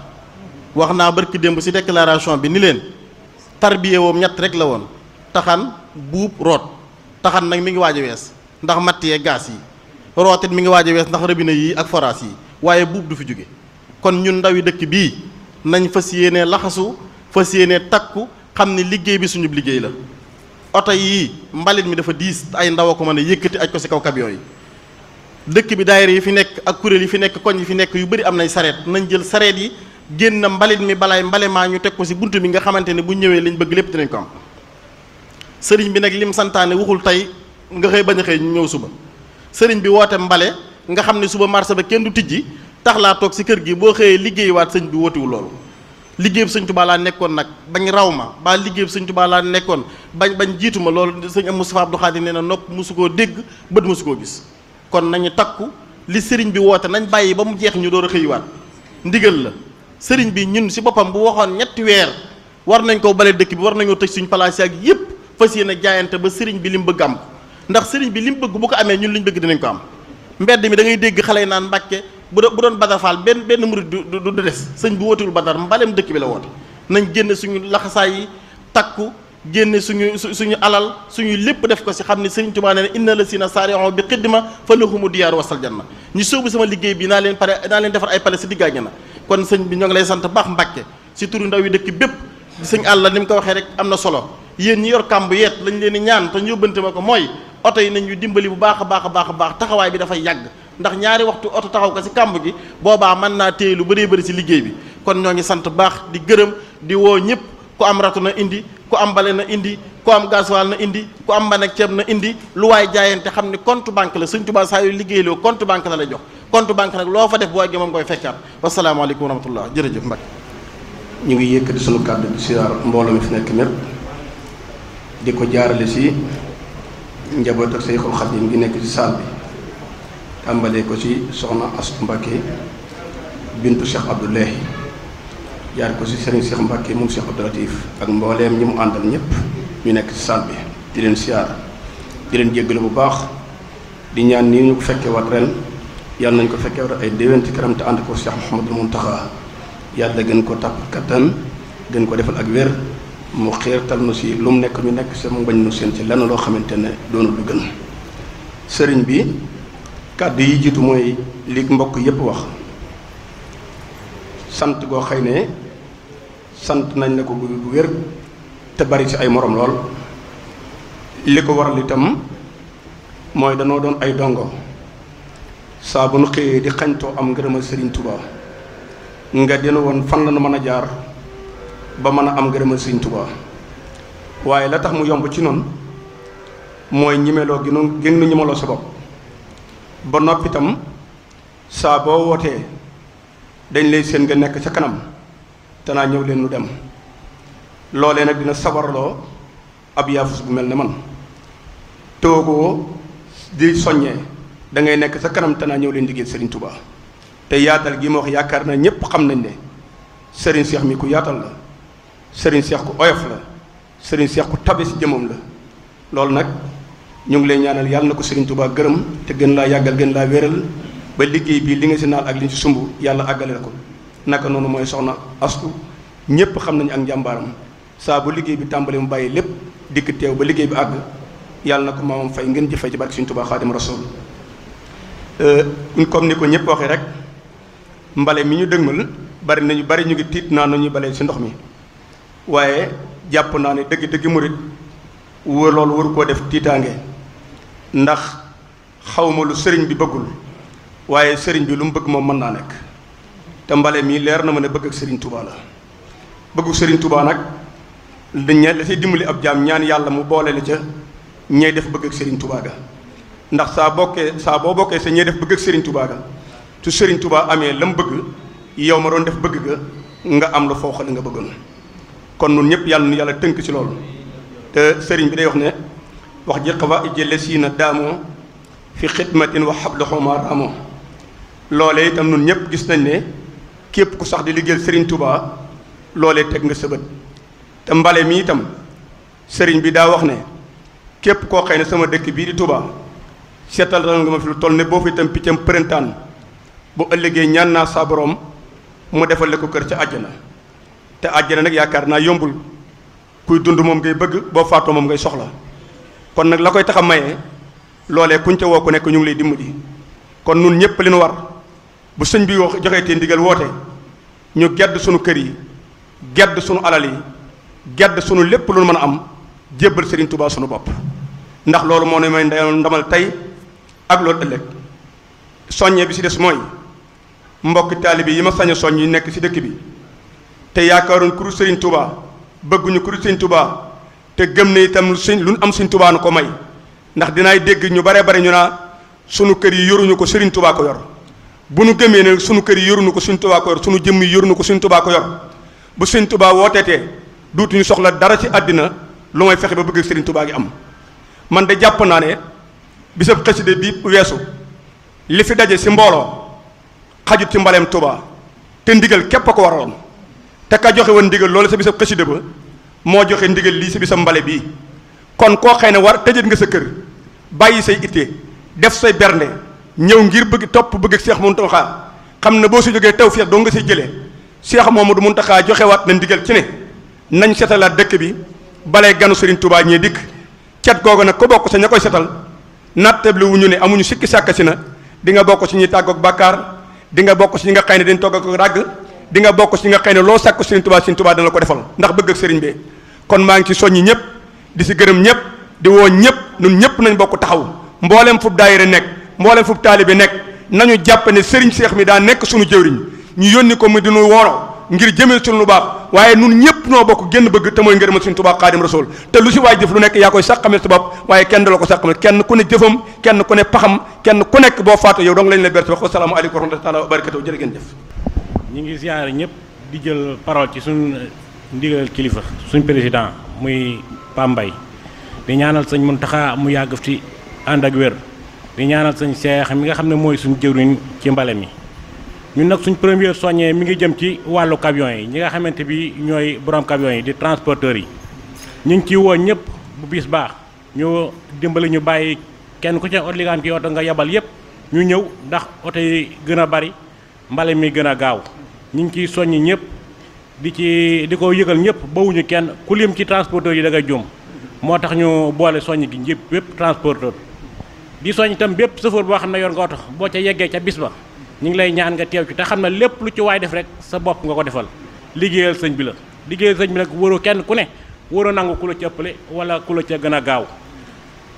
waxna barki démb ci déclaration bi ni len tarbiye wom ñatt rek la won taxan buup rot taxan nak mi ngi waji wess ndax mattiyee gaas yi rotit mi ngi waji wess ndax rabina yi ak forasi waye buup du fi joge kon ñun ndawi dekk bi nañ fas yéene laxasu fas takku xam ne liggéey bi suñu liggéey la oto yii mbalit mi dafa diis ay ndaw ko mën a yëkkati aj ko si kaw camion yi dëkk bi daayira yi fi nekk ak kuréel yi fi nekk koñ yi fi nekk yu bëri am nay sareet nañ jël sareet yi mbalit mi ñu ko bi nga bu liñ bëgg dinañ ko am sëriñ bi lim waxul nga bañ ñëw suba sëriñ bi woote mbale nga xam suba marché ba kenn du tijji tax la tok ci kër gi bo boo xëyee wat señ bi wotiw lool liggéeyub señ tubaa la nekkon nak bañ rawma ba baa señ sëñ la nekkon bañ bañ jituma lool señ am mustafa Abdou khadim neena na musuko deg beut musuko gis kon nañu takku li señ bi wote nañ bayyi bamu jeex ñu doora a wat ndigal la señ bi ñun ci bopam bu waxon ñetti wër war nañ ko balé dekk bi war nañu tej suñ place ak yépp fasiyena jaayante ba señ bi lim bëgg am ndax señ bi lim bëgg bu ko amé ñun liñ bëgg dinañ ko am mbedd mi da ngay dégg xalé naan mbacké bu bu doon badar fal ben ben murid du du dess señ bu wotul badar mbalem dekk bi la wot nañ genn suñu laxasay takku genn suñu suñu alal suñu lepp def ko ci xamni señ tuba ne inna lasina sari'u bi qidma falahum diyar wa sal janna ñu soobu sama liggey bi na leen pare na leen defar ay palace digga diggaañe kon señ bi ñong lay sant bax mbacke ci turu ndaw yi dekk bepp señ allah nim ko waxe rek amna solo yéen ñi yor kambu yet lañ leen ñaan te ñu bënte mako moy auto yi nañ ñu dimbali bu baaxa baaxa baaxa baax taxaway baax taxawaay bi dafay yàgg ndax ñaari waxtu auto taxaw ko ci kàmb gi boba man na tey lu beure beure ci liggey bi kon ñoo ngi sant baax di di wo ku am ratuna indi ku am balena indi ku am gasoil na indi ku am mbanek ceeb na indi lu way jaayante xamni ni compte banque la suñ tubaa sayu liggey lo compte banque la la jox compte banque nak lo fa def boo gi moom koy alaykum wa rahmatullah mbak ñu ngi sunu di siar mbolo mi fi nek mer di jaarale si njaboot ak khadim gi nek ci salle tambalé ko ci soxna Astu mbacké bintu Cheikh Abdoulahi yar ko ci serigne Cheikh mbacké mom Cheikh latif ak mbooleem ñi mu àndal ñëpp ñu nekk ci salle bi di len siyaar di len jéggelu bu baax di ñaan ni ñu ko wat ren yàlla nañ ko fekké wat ay déwén karam ta and ko Cheikh mohammed muntaha yalla gën ko tap katan gën ko defal ak wér mu xiirtal nu si lu mu nekk ñu nekk sama bañ nu seen ci lenn loo xamante ne lu gën sëriñ bi kaddu yi jitu mooy li mbokk yépp wax sant goo xëy ne sant nañ la ko bu wér te bari ci ay morom lool li ko waral itam mooy danoo doon ay dongo saa bu nu di xañtoo am ngërëmal Serigne Touba nga dina woon fan la nu mën a jaar ba mën am ngërëmal Serigne Touba waaye la tax mu yomb ci noonu mooy ñimeloo gi nu gën nu ñimeloo sa bopp ba noppi tam sa bo wote dañ lay seen nga nekk ca kanam danaa ñew leen nu dem loolee nag dina ab yaafus bu mel ne man di soññee da ngay nekk sa kanam tana ñew leen liggéey Serigne Touba te yaatal gi mo wax yaakaar na ñëpp xam nañ ne Serigne Cheikh mi ku yaatal la Serigne Cheikh ku oyof la Serigne Cheikh ku tabé ci jëmam la nag ñu ngi lay ñaanal yàlla na ko si Serigne tubaa gërëm te gën laa yàggal gën laa wéral ba liggéey bii li nga si naal ak li ñu si sumb yàlla àggale la ko naka noonu mooy soxna astu ñëpp xam nañu ak njàmbaaram saa bu liggéey bi tàmbali mu bàyyi lépp dikk teew ba bi àgg yàlla na ko maamam fay ngeen jëfee ci barke Serigne Touba Xaadimu Rasuul euh, comme ni ko ñëpp waxee rek mbale mi ñu dëgmal bari nañu bari ñu ngi tiit naa nañuy bale si ndox mi waaye jàpp naa ne dëgg dëgg murit loolu waru koo def tiitaange ndax xawuma lu sëriñ bi bëggul waaye sëriñ bi lu mu bëgg moom mën naa nekk te mbale mii leer na ma ne bëgg ak sëriñ Touba la bëggu sëriñ Touba nag dañ la say dimbali ab jaam ñaan yàlla mu boole la ca ñey def bëgg ak sëriñ tubaa ga ndax saa bokkee saa boo bokkee sa ñey def bëgg ak sëriñ tubaa ga su sëriñ tubaa amee la mu bëgg yow ma doon def bëgg ga nga am la foo nga bëggoon kon noonu ñëpp yàlla nu yàlla tënk ci loolu te sëriñ bi day wax ne wax ji xawaïj lesiina daamoo fi xidmatin wa xablaxuma raamoo loole itam nun ñëpp gis nañ ne képp ku sax di liggéeyal sëriñ tubaa loole teg nga sëbët te mbale mi itam sëriñ bi daa wax ne képp koo xëy ne sama dëkk bii di tubaa seetal nga ma fi lu toll ne boo fi itam piccam përëntaan boo ëllëgee ñaan naa sa borom mu defal la ko kër ca àjjana te àjjana nag yaakaar naa yombul kuy dund moom ngay bëgg boo faatoo moom ngay soxla kon nag la koy tax a maye loole kuñ ca woo ku nekk ñu ngi lay dimbali kon nun ñëpp li war bu sëñ bi joxee te ndigal woote ñu gedd sunu kër yi gedd sunu alal yi gedd sunu lépp lu mën a am jébbal sëriñ Tuubaa sunu bopp ndax loolu moo ne may ndamal tey ak loolu ëllëg soññe bi ci des mooy mbokk taalibe yi ma sañ a soññ yi nekk ci dëkk bi te yaakaaroon kuru sëriñ Tuubaa bëgguñu kuru sëriñ Tuubaa te gëm na itam suñ lu am suñ tubaa ko may ndax dinaay dégg ñu bare bari ñu naa sunu kër yi yoruñu ko sëriñ tubaa ko yor bu nu gëmee ne sunu kër yi yoruñu ko suñ tubaa ko yor sunu jëmm yi ko suñ tubaa ko yor bu suñ tubaa wooteetee duutuñu soxla dara ci àddina lu may fexe ba bëgg sëriñ tubaa ngi am man de jàpp naa ne bisab xaside bi weesu li fi daje si mbooloo xajut ci mbaleem tubaa te ndigal képp a ko waraloon te ka joxe woon ndigal loolu sa bisab xaside ba moo joxe ndigal lii si bisam mbale bii kon koo xëy na war tëjët nga sa kër bàyyi say ittee def say bernde ñëw ngir bëgg topp bëgg ak Seex Muntaxa xam na boo si jógee taw feex doo nga say jëlee Seex Mamadu Muntaxa joxewaat na ndigal ci ne nañ setalaat dëkk bi balee ganu Serigne Touba ñee dikk cet googu nag ko bokk sa ña koy setal nattable wu ne amuñu sikki sàkk si na di nga bokk si ñuy tàggoog bàkkaar di nga bokk si ñi nga xay ne dañ togg ak ràgg di nga bokk si nga xëy ne loo sàkk Serigne Touba Serigne Touba dana la ko defal ndax bëgg ak Serigne bi kon maa ngi ci soññi ñëpp di si gërëm ñëpp di woo ñëpp ñun ñëpp nañ bokk taxaw mboolem fub daayira nekk mboolem fub taalibe nekk nañu jàpp ne Serigne mi daa nekk suñu jëwriñ ñu yónni ko mu diñu wooro ngir jëmee suñu lu baax waaye nun ñëpp noo bokk génn bëgg te mooy ngërëmal suñu Tuubaa Xaadim Rasuul te lu si waay jëf lu nekk yaa koy sàqamel sa ku ne jëfam kenn ne paxam boo faatu yow dong lañ la berse wax asalaamaaleykum wa ñi ngi ziaré ñëpp di jël parole ci suñu ndigal kilifa suñu président muy pambay di ñaanal señ muntaha mu yagg fi and ak wër di ñaanal señ cheikh mi nga xamné moy suñu jëwriñ ci mbale mi ñun nak suñu premier soigné mi ngi jëm ci walu camion yi ñi nga xamanté bi ñoy borom camion yi di transporteur yi ñi ngi ciy ñëpp bu bis baax ñu dimbali ñu bayyi kenn ku ci ot ki auto nga yabal yépp ñu ñëw ndax auto yi gëna bari mbale mi gëna gaaw ñu ngi ciy soññ ñëpp di ci di ko yëgal ñëpp bawuñu kenn ku lim ci transporteur yi da ngay juum moo tax ñu boole soññ gi ñëpp bépp transporteur di soññ tam bépp chauffeur boo xam ne yoon nga oto boo ca yeggee ca bis ba ñu ngi lay ñaan nga teew ci te xam na lépp lu ci waay def rek sa bopp nga ko defal liggéeyal sëñ bi la liggéeyal sëñ bi nag waroo kenn ku ne waroo nangu ku la ci ëppale wala ku la ca gën a gaaw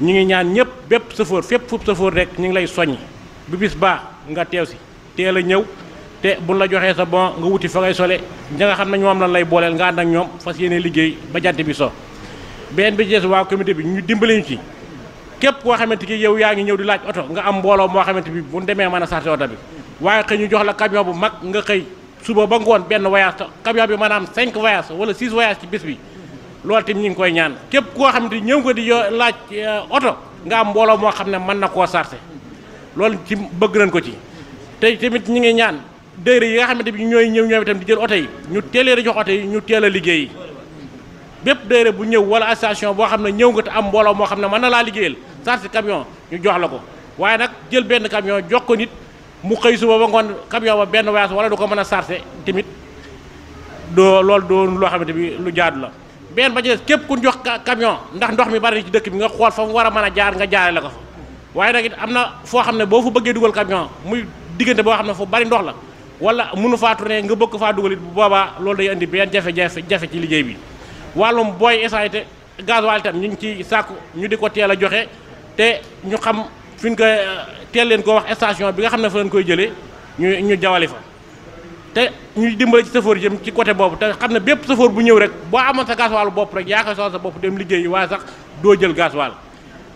ñu ngi ñaan ñëpp bépp chauffeur fépp fu chauffeur rek ñu ngi lay soññ bu bis baa nga teew si teel a ñëw te bu la joxee sa bon nga wuti fa ngay sole ña nga xam ne ñoom lan lay booleel nga ànd ak ñoom fas yéene liggéey ba jant bi so beneen bi ci des waa comité bi ñu dimbali ñu ci képp koo xamante ki yow yaa ngi ñëw di laaj oto nga am mbooloo moo xamante bi bu demee mën a sarté jox la camion bu mag nga xëy suba ba ngoon benn voyage te camion bi maanaam 5 voyages wala 6 voyages ci bis bi loolu tamit ñu ngi koy ñaan képp koo xamante ni ñëw nga di laaj eh, oto nga am mbooloo moo xam ne mën na koo sarté loolu ci bëgg nañ ko ci te tamit ñu ngi ñaan dëgër yi nga xamante bi ñooy ñëw ñoom itam di jël oto yi ñu teelee a jox yi ñu teel a liggéey bépp dëgër bu ñëw wala association boo xam ne ñëw nga te am mbooloo moo xam ne mën na laa liggéeyal sarsi camion ñu jox la ko waaye nag jël benn camion jox ko nit mu xëy suba ba ngoon camion ba benn wayaas wala du ko mën a sarse tamit doo loolu doon loo xamante bi lu jaadu la benn ba ci ku jox camion ndax ndox mi bari ci dëkk bi nga xool fa mu war a mën a jaar nga jaare ko fa waaye it am na foo xam ne boo fa bëggee dugal camion muy diggante boo xam ne fu bari ndox la wala mënu faa tourné nga bëgg faa dugal it bu boobaa loolu day indi benn jafe-jafe jafe ci liggéey bi wàllum booy essence te gasoil tam ñu ngi ciy sàkku ñu di teel a joxe te ñu xam fi ñu koy euh, teel leen koo wax station bi nga xam ne fa koy jëlee ñu ñu jawali fa te ñuy dimbale ci safoor jëm ci côté boobu te xam ne bépp safoor bu ñëw rek boo amoon sa gasoil bopp rek yaa koy soxla sa bopp dem liggéey waaye sax doo jël gasoil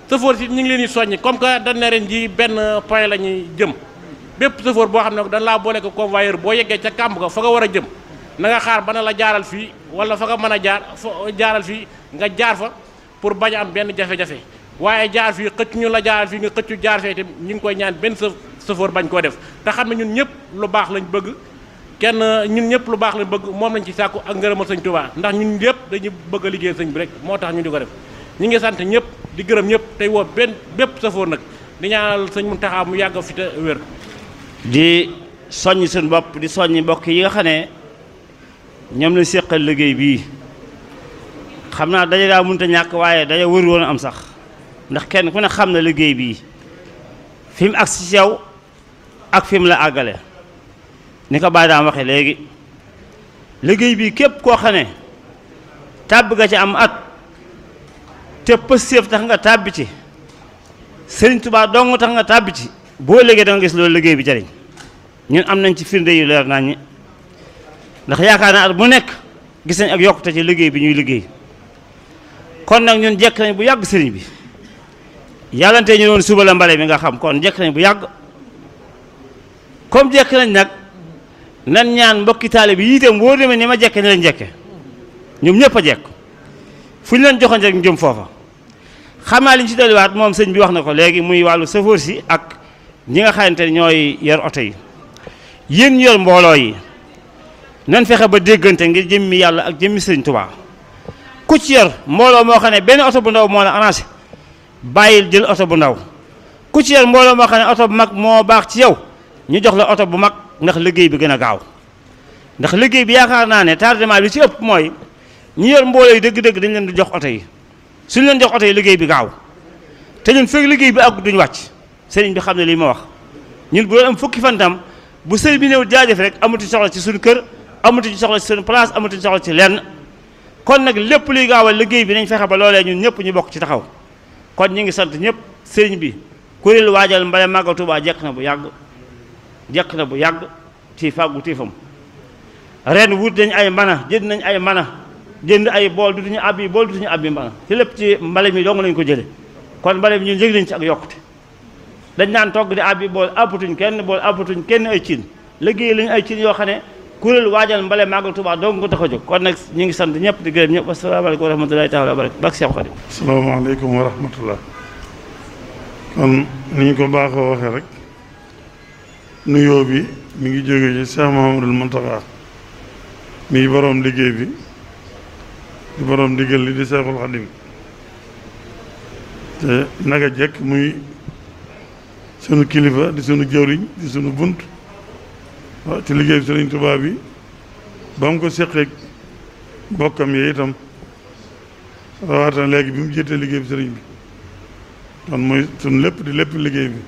safoor si ñu ngi leen di soññi comme que dañ ren ji benn point la ñuy jëm bépp chauffeur boo xam ne dañ laa boole ko convoyeur boo yeggee ca kàmb ga fa nga war a jëm nanga xaar ba na la jaaral fii wala fa nga mën a jaar fa jaaral fii nga jaar fa pour bañ am benn jafe-jafe waaye jaar fii xëcc ñu la jaaral fii nga xëccu jaar fee itam ñu ngi koy ñaan benn chauffeur bañ koo def te xam ne ñun ñëpp lu baax lañ bëgg kenn ñun ñëpp lu baax lañ bëgg moom lañ ci sàkku ak ngërëmal sañ Tuubaa ndax ñun ñëpp dañu bëgg a liggéey sëñ bi rek moo tax ñu di ko def ñi ngi sant ñëpp di gërëm ñëpp tey woo benn bépp chauffeur nag di ñaanal sëñ Muntaxa mu yàgg fi te di soññ suñu bopp di soññ mbokk yi nga xam ne ñoom lañ séqal liggéey bii xam naa daje daa mënut a ñàkk waaye daje wër woon am sax ndax kenn ku ne xam na liggéey bii fi ak agsi ci ak fi la àggale ni ko Baye daam waxee léegi liggéey bii képp koo xam ne tàbb nga ci am at te pëstéef tax nga tàbbi ci Sëriñ Tuubaa dong tax nga tàbbi ci boo liggéey da gis loolu liggéey bi jariñ ñun am nañ ci firnde yu leer nañ ndax yaakaar naa at mu nekk gis nañ ak yokkute ci liggéey bi ñuy liggéey kon nag ñun jekk nañ bu yàgg sëriñ bi yàllantee ñu doon suba la mbale mi nga xam kon jekk nañ bu yàgg comme jekk nañ nag nan ñaan mbokki taalibe yi itam wóor na ma ni ma jekke ni lañ jekke ñoom ñëpp a jekk fu ñu leen joxoon rek ñu jëm foofa xamaa li ci dolliwaat moom sëñ bi wax na ko léegi muy wàllu safoor si ak ñi nga xamante ne ñooy yor oto yi yéen ñu yor mbooloo yi nan fexe ba déggante ngir jëmmi yàlla ak jëmmi sëriñ Tuubaa ku ci mbooloo moo xam ne benn oto bu ndaw moo la arrangé bàyyil jël oto bu ndaw ku ci mbooloo moo xam ne oto bu mag moo baax ci yow ñu jox la oto bu mag ndax liggéey bi gën a gaaw ndax liggéey bi yaakaar naa ne tardement bi ci ëpp mooy ñu yor mbooloo yi dëgg-dëgg dañ leen di jox oto yi suñ leen jox oto yi liggéey bi gaaw te ñun fekk liggéey bi ak duñ wàcc sëriñ bi xam ne lii ma wax ñun bu doon am fukki fan bu sëriñ bi néew jaajëf rek amatuñ soxla ci suñ kër amatuñ soxla ci suñu place amatuñ soxla ci lenn kon nag lépp luy gaawal liggéey bi nañ fexe ba loolee ñun ñëpp ñu bokk ci taxaw kon ñu ngi sant ñëpp sëriñ bi kuréel waajal mbale màggal Tuubaa jekk na bu yàgg jekk na bu yàgg ci fàggu tiifam ren wut dañ ay mana jënd nañ ay mana jënd ay bool dutuñu abbi bool dutuñu abbi mana ci lépp ci mbale mi dong lañ ko jële kon mbale mi ñun yëg nañ ci ak yokkute dañ naan togg di àbbi bool àppatuñ kenn bool àppatuñ kenn ay cin liggéey lañu ay cin yoo xam ne kuréel waajal mbale màggal Tuubaa dong ko tax a jóg kon nag ñu ngi sant ñëpp di gërëm ñëpp asalaamaaleykum wa rahmatulahi taala wa barakatu bak Seex Xaadim asalaamaaleykum wa rahmatullah kon ni ñu ko baaxoo waxee rek nuyoo bi mu ngi jóge ci Seex Mahamadul Muntaxaa mi boroom liggéey bi di boroom diggal li di Seexul Xaadim te naka jekk muy sunu kilifa di sunu jëwriñ di sunu bunt waaw ci liggéey bi sëriñ Tuubaa bi ba mu ko seqeeg bokkam yi itam rawatina léegi bi mu jiitee liggéey bi sëriñ bi kon mooy sunu lépp di lépp liggéey bi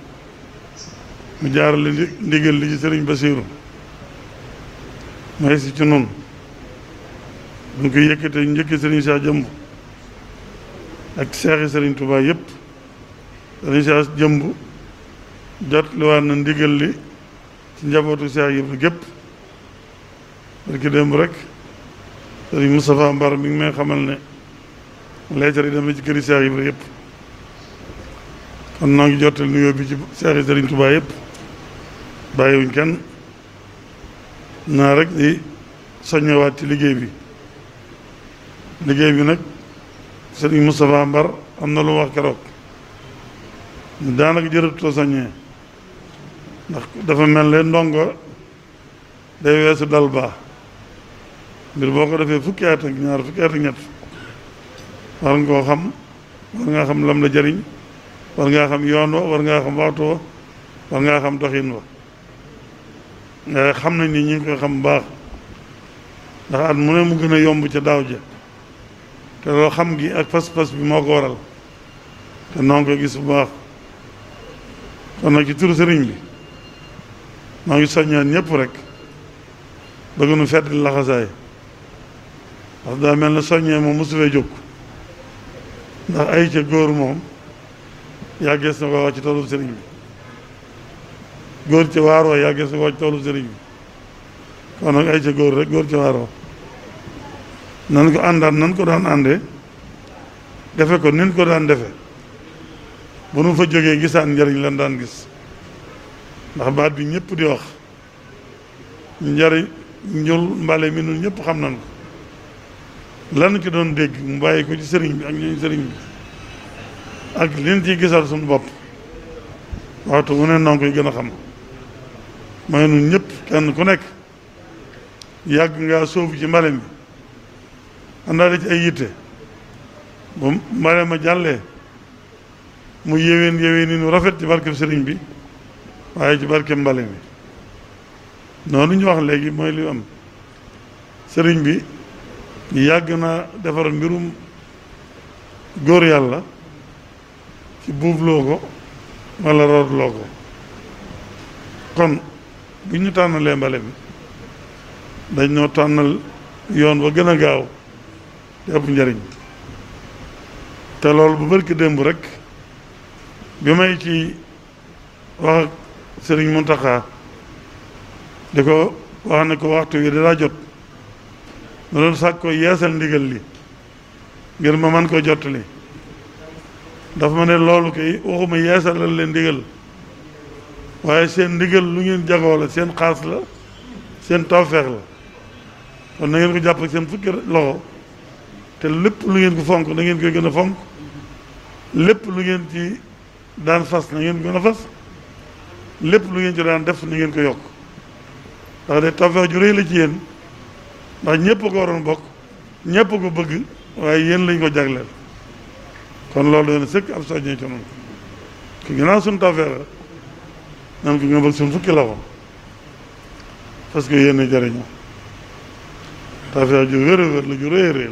mu jaarale ndigal li ci sëriñ Basiiru ma yegsi ci noonu bu ñu koy yëkkatee njëkkee sëriñ Cheikh Jëmb ak seexi sëriñ Tuubaa yëpp sëriñ Cheikh Jëmb jot lu war na ndigal li ci njabootu Cheikh Ibra gep barki dem rek ri mustafa Mbar mi ngi may xamal ne leetar dem na ci këri Cheikh Ibra yeb kon noo ngi jottali nuyoo bi ci Cheikh serigne Touba yëpp bàyyiwuñ kenn naa rek di soññewaat ci liggéey bi liggéey bi nak serigne mustafa Mbar amna lu wax keroog daanaka jërëtutoo soññee ndax dafa mel ne ndongo day weesu dal baax mbir boo ko defee fukki at ak ñaar fukki at ak ñett war nga xam war ngaa xam lam la jëriñ war ngaa xam yoon wa war ngaa xam waxtu wa war ngaa xam doxin wa nga xam na ni ñu ngi koy xam baax ndax at mu ne mu gën a yomb ca daaw ja te loo xam gi ak pas-pas bi moo ko waral te noonu ko gis bu baax kon nag ci turu sëriñ bi maa ngi soññaan ñëpp rek bëgg nu fedd laxasaay ndax daa mel na soññee moom mosu fee jóg ndax ay ca góor moom yàggees na góor ci waaroo yàggees na ko wax ci toolu sëriñ bi kon nag ay ca góor rek góor ci waaroo nan ko àndaat nan ko daan àndee defe ko nin ko daan defe bu nu fa jógee gisaan njëriñ lan daan gis ndax baat bi ñëpp di wax njariñ njul mbale mi nun ñëpp xam nan ko lan ci doon dégg mu bàyyi ko ci sëriñ bi ak ñooñu sëriñ bi ak leen ci gisal suñu bopp waxtu mu ne koy gën a xam mooy nun ñëpp kenn ku nekk yàgg ngaa sóobu ci mbale mi àndaale ci ay yitte bu mbale ma jàllee mu yéwén yéwén yi nu rafet ci barkeb sëriñ bi waaye ci barke mbale mi noonu ñu wax léegi mooy li am sëriñ bi yàgg na defar mbirum góor yàlla ci buubloo ko wala roodloo ko kon bu ñu tànnalee mbale bi dañ noo tànnal yoon ba gën a gaaw te njariñ te loolu bu barki démb rek bi may ci wax sëriñ montaka di ko wax ne ko waxtu wi dara jot ma doon sàkk ko yeesal ndigal li ngir ma man ko jotali daf ma ne lolou kay waxuma la len ndigal waye sen ndigal lu ngeen jago la sen khas la sen tawfeex la on na ngeen ko japp sen fukki loxo te lepp lu ngeen ko fonk na ngeen ko gëna fonk lepp lu ngeen ci dan fas na ngeen gëna fas lépp lu ngeen ci daan def ni ngeen ko yokk ndax de tawfeex ju rëy la ci yéen ndax ñëpp ko waroon bokk ñëpp ko bëgg waaye yéen lañ ko jagleel kon loolu doon sëkk ab soññee ci noonu ki ginnaaw suñu tawfeex la nan ko nga bëgg suñu que yéen a jëriñoo ju wér a wér la ju rëy a rëy la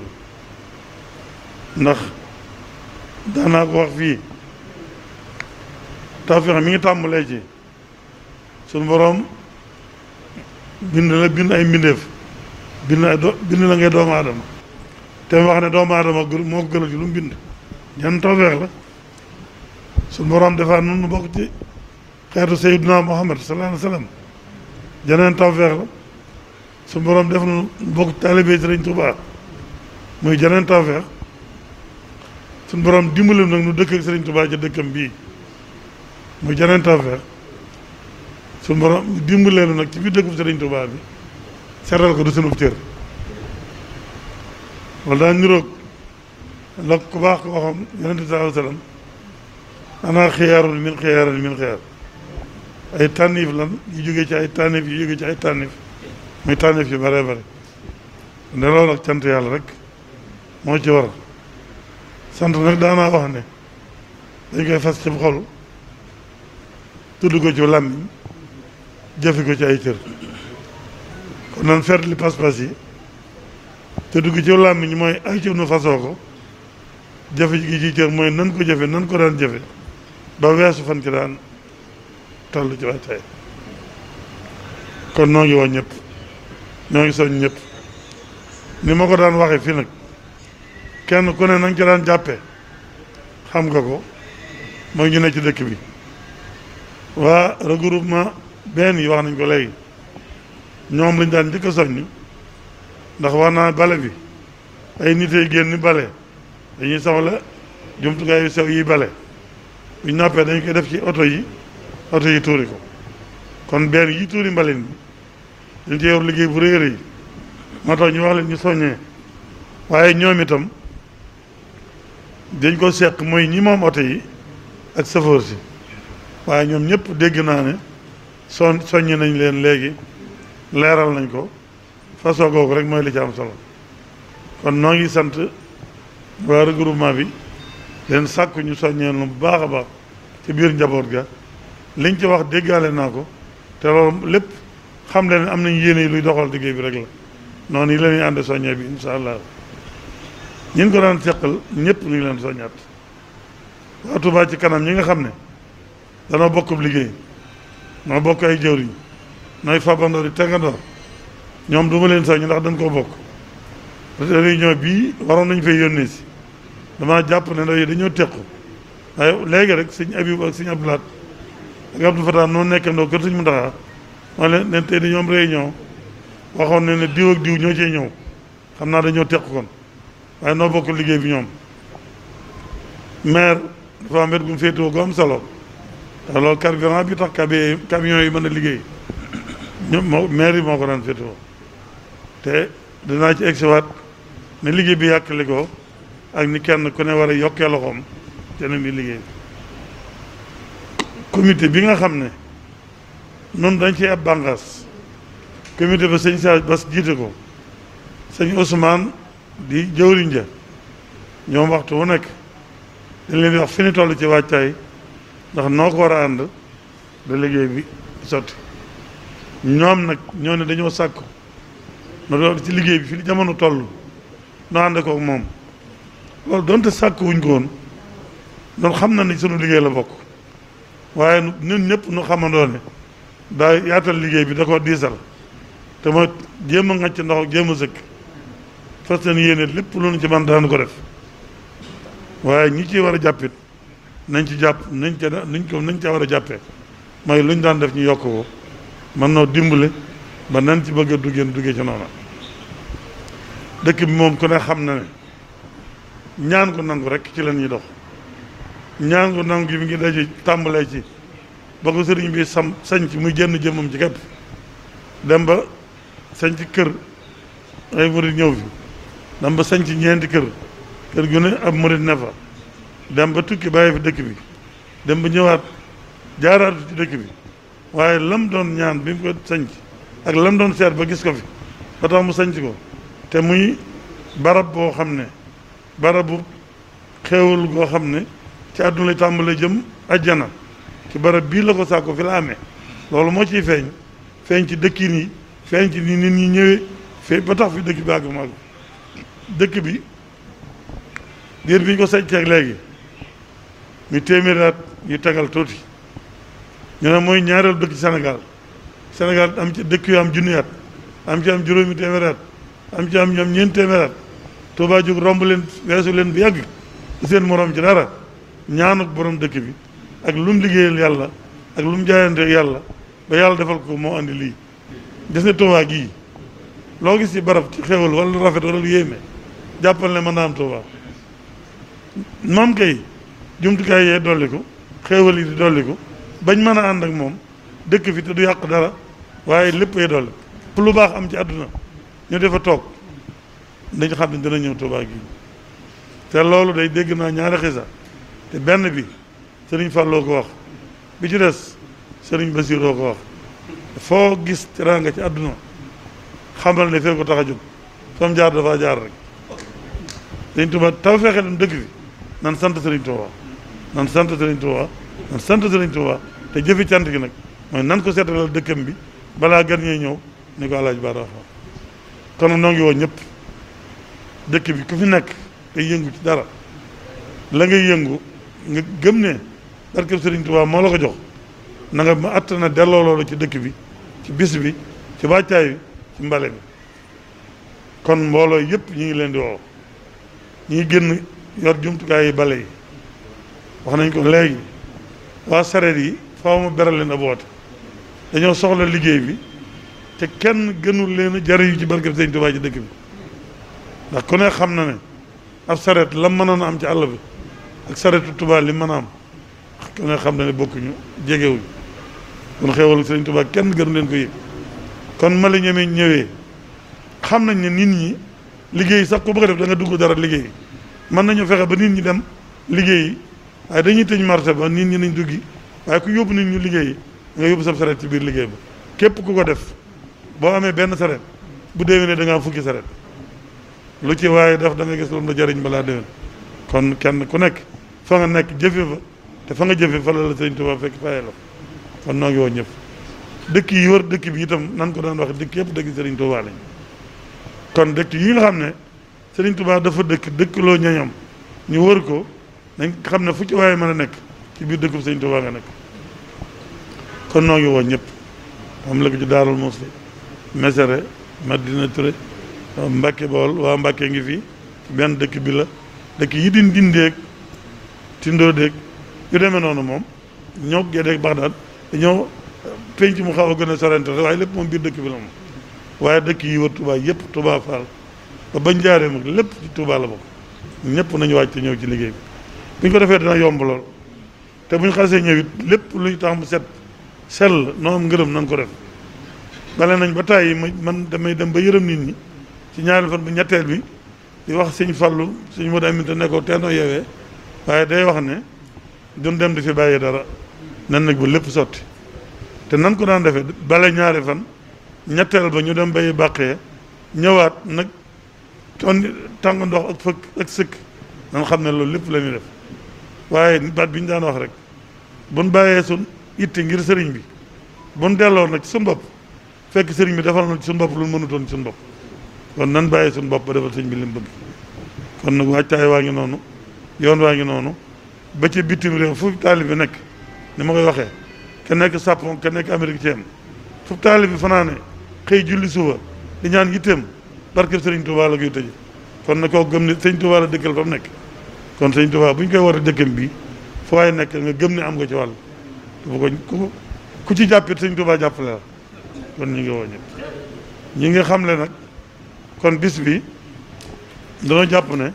ndax daanaa ko wax fii tawfeex mi ngi tàmbalee ci suñu boroom bind la bind ay mbindeef bind ay do bind la ngay doomu aadama te wax ne doomu aadama moo ko gënal ci lu mu bind jan tawfeex la suñu boroom defaat nun nu bokk ci xeetu sayyiduna Muhammad sallallahu alayhi wa sallam janeen tawfeex la def nu bokk taalibe Sëriñ Tuubaa muy janeen tawfeex suñu boroom dimbalim nag nu dëkk ak Sëriñ Tuubaa ci dëkkam bii muy janeen tawfeex su suñu borom dimbalee nag ci biir dëkkub Sëriñ Tuubaa bi seetal ko du sunub cër wala daa niroog la ku baax ko waxoon sa bi sallallahu alayhi wa sallam ana xiyaarun min xiyaarin min xiyaar ay tànniif lan yu jógee ci ay tànniif yu jógee ci ay tànniif muy tànniif yu bare bare ne loolu nag cant yàlla rek moo ci war sant nag daana wax ne dañ koy fas ci xol tudd ko ci làmmiñ jëfe ko ci ay cër kon nan ferli pas-pas yi te dugg ci làmmiñ mooy ay cër nu fasoo ko jëfe gi ci cër mooy nan ko jëfe nan ko daan jafe ba weesu fan ki daan toll ci waajtaay kon noo ngi woo ñëpp ñoo ngi soñ ñëpp ni ma ko daan waxe fii nag kenn ku ne na nga daan jàppe xam nga ko mooy ñu ne ci dëkk bi waa regroupement benn yi wax nañ ko léegi ñoom lañ daan njëkk a soññ ndax wax naa bale bi ay nit ay génn bale dañuy soxla jumtukaay yu sew yi bale bu ñu noppee dañ koy def ci oto yi oto yi tuuri ko kon benn yi tuuri mbalin bi dañ ci yor liggéey bu réer yi moo tax ñu wax leen ñu soññee waaye ñoom itam dañ ko seq mooy ñi moom oto yi ak safoor si waaye ñoom ñëpp dégg naa ne son soññ nañ leen léegi leeral nañ ko façon googu rek mooy li ci am solo kon noo ngi sant waa groupement bi leen sàkku ñu soññeen lu baax a baax ci biir njaboot ga liñ ci wax déggaale naa ko te loolu lépp xam leen am nañ yéene luy doxal liggéey bi rek la noonu yi la ñuy ànd soññee bi incha allah ñin ko daan seqal ñëpp ñu ngi leen soññaat waa Touba ci kanam ñi nga xam ne danoo bokkub liggéey noo bokk ay jëwriñ nooy fabandoo di tegandoor ñoom du ma leen soññ ndax dañ koo bokk réunion bii waroon nañu fay yónnee si damaa jàpp ne ndaw yi dañoo ko waaye léegi rek sëñ Abib ak sëñ Abdoulaat ak Abdou Fatah noonu nekkandoo kër sëñ Muntaxa ma leen ne tey dañoo am réunion waxoon ne ne diw ak diw ñoo cee ñëw xam naa dañoo teq kon waaye noo bokk liggéey bi ñoom maire dafa am wet gu mu am solo ndax loolu carburant bi tax cabi yi mën a liggéey ñoom moo yi moo ko daan féetewoo te dinaa ci egsiwaat ne liggéey bi yàqali ko ak ni kenn ku ne war a yokkee loxoom te ne mi liggéey comité bi nga xam ne noonu dañ ci ab bànqaas comité ba sëñ Saaj Bas jiite ko sëñ Ousmane di jëwriñ ja ñoom waxtu wu nekk dañ leen di wax fi ñu toll ci wàccaay ndax noo ko war a ànd da liggéey bi sot ñoom nag ñoo ne dañoo sàkk na doon ci liggéey bi fii fi jamono toll noo ànd kook moom loolu donte sàkk wuñ ko woon xam na ni sunu liggéey la bokk waaye nu ñun ñëpp nu xamandoo ne daa yaatal liggéey bi da ko diisal te ma jéem a ŋàcc ndox jéem a sëkk fas yéene lépp lu nu ci ko def waaye ñi ciy war a jàppit nañ ci jàpp nañ ca nañ ko nañ ca war a jàppee mooy luñ daan def ñu yokk ko man noo dimbale ba nañ ci bëgg a duggeen duggee ci noona dëkk bi moom ku xam na ne ñaan ko nangu rekk ci leen ñuy dox ñaan ko nangu yi mi ngi daje tàmbalee ci ba ko sëriñ bi sam sañc muy jënn jëmmam ci képp dem ba sañc kër ay murit ñëw fi dem ba sañc ñeenti kër kër gu ne ab murit ne fa dem ba tukki bàyyi fi dëkk bi dem ba ñëwaat jaaraatu ci dëkk bi waaye lam doon ñaan bi mu ko sanc ak lam doon seet ba gis ko fi ba tax mu sanc ko te muy barab boo xam ne barabu xéewal goo xam ne ci àdduna lay tàmbale jëm ajjana ci barab bii la ko sàkko fi la amee loolu moo ciy feeñ feeñ ci dëkkin yi feeñ ci ni nit ñi ñëwee fee ba tax fi dëkk bi àgg maag dëkk bi diir bi ñu ko sañceeg léegi muy téeméer naat yu tegal tuuti ñu ne mooy ñaareel dëkk ci Sénégal Sénégal am ci dëkk yu am junni am ci am juróomi téeméer at am ci am ñoom ñeent téeméer at jóg romb leen weesu leen bu yàgg seen morom ci dara ñaanu borom dëkk bi ak lu mu liggéeyal yàlla ak lu mu jaayante yàlla ba yàlla defal ko moo andi lii des na Touba gii loo gis ci barab ci xewal wala rafet wala lu yéeme jàppal ne mën naa am Touba moom kay jumtukaay yee dolliku xéewal yi di dolliku bañ mën a ànd ak moom dëkk fi te du yàq dara waaye lépp ay dolli pour lu baax am ci àdduna ñu defa toog dañ xam ne dina ñëw Tuubaa gi te loolu day dégg naa ñaari xisa te benn bi sëriñ Falloo ko wax bi ci des sëriñ Basiiroo ko wax foo gis nga ci àdduna xamal ne fee ko tax a jóg fam jaar dafaa jaar rek dañ Tuubaa taw fexe dem dëkk fi nan sant sëriñ Tuubaa nan sant Sëriñ Tuubaa nan sant Sëriñ Tuubaa te jëfi cant gi nag mooy nan ko seetalal dëkkam bi balaa gan ñee ñëw ñu ko alaaj Bara Fall kon noo ngi woo ñëpp dëkk bi ku fi nekk te yëngu ci dara la ngay yëngu nga gëm ne barkeb Sëriñ Tuubaa moo la ko jox na nga ma att na delloo loolu ci dëkk bi ci bis bi ci wàccaay bi ci mbale bi kon mbooloo yëpp ñu ngi leen di woo ñu ngi génn yor jumtukaay yi bale yi wax nañ ko léegi waa sareet yi faaw mu beral leen ab woote dañoo soxla liggéey bi te kenn gënul leen a jariñu ci barkeb Sëñ Tuubaa ci dëkk bi ndax ku ne xam na ne ab sareet la mënoon a am ci àll bi ak sareetu Tuubaa li mën a am ku xam na ne bokkuñu jegewuñu kon xéewalu Sëñ Tuubaa kenn gënu leen ko yëg kon ma la ñemee ñëwee xam nañ ne nit ñi liggéey sax ko bëgg a def da dugg dara liggéey mën nañu fexe ba nit ñi dem liggéey waaye dañuy tëj marché ba nit ñi nañ duggi waaye ku yóbbu nit ñu liggéey nga yóbbu sa saret ci biir liggéey ba képp ku ko def boo amee benn saret bu déwénee da ngaa fukki saret lu ci waaye def da nga gis loolu la jariñ balaa déwén kon kenn ku nekk fa nga nekk jëfe fa te fa nga jëfe fa la la sëñ Tuubaa fekk faye la kon noo ngi woo ñëpp dëkk yi wër dëkk bi itam nan ko daan wax dëkk yëpp dëkk sëriñ Tuubaa lañ kon dëkk yi nga xam ne sëriñ Tuubaa dafa dëkk dëkk loo ñañam ñu wër ko dañ xam ne fu ci waaye mën a nekk ci biir dëkkub sëñ Tuubaa nga nekk kon noo ngi woo ñëpp moom la ko ci Daarul Musti Mesere Madina Touré Mbàkke Bawol waa Mbàkke ngi fii benn dëkk bi la dëkk yi din dindeeg tindoo déeg yu deme noonu moom ñoo gédeeg Baxdaad dañoo penc mu xaw a gën a sorante waaye lépp moom biir dëkk bi la moom waaye dëkk yi war Touba yëpp Touba Fall ba bañ jaaree mag lépp ci Touba la bokk ñëpp nañu wàcc ñëw ci liggéey bi bu ñu ko defee dana yomb lool te bu ñu xasee ñëw it lépp lu ñu tax mu set sell noo am ngërëm nan ko def bale nañ ba tàyyi ma man damay dem ba yërëm nit ñi ci ñaari fan bu ñetteel bi di wax sëñ Fallu sëñ Modou Aminta ne nekkoo teenoo yeewee waaye day wax ne duñ dem di fi bàyyi dara nan nag ba lépp sotti te nan ko daan defee bale ñaari fan ñetteel ba ñu dem bay bàqee ñëwaat nag ton tàng ndox ak fëkk ak sëkk nan xam ne loolu lépp la def waaye baat bi ñu daan wax rek buñ bàyyee sun itte ngir sëriñ bi buñ delloo nag ci suñ bopp fekk sëriñ bi defal na ci suñ bopp lu mënutoon ci suñ bopp kon nan bàyyee suñ bopp ba defal sëriñ bi li mu bëgg kon nag waajtaay waa ngi noonu yoon waa ngi noonu ba ci bitim réew fu taalib bi nekk ni ma koy waxee ke nekk Japon ke nekk Amérique ci am fu taalib bi fanaane xëy julli suba di ñaan yitteem barkeb sëriñ Tuubaa la koy tëje kon na koo gëm ne sëriñ Tuubaa la dëkkal fa mu nekk kon sëñ Tuubaa bu ñu koy war a dëkkam bi foo waaye nekk nga gëm ne am nga ci wàll dafa ko ku ci jàppit sëñ Tuubaa jàppale la kon ñu ngi woo ñëpp ñi nga xam le nag kon bis bi danoo jàpp ne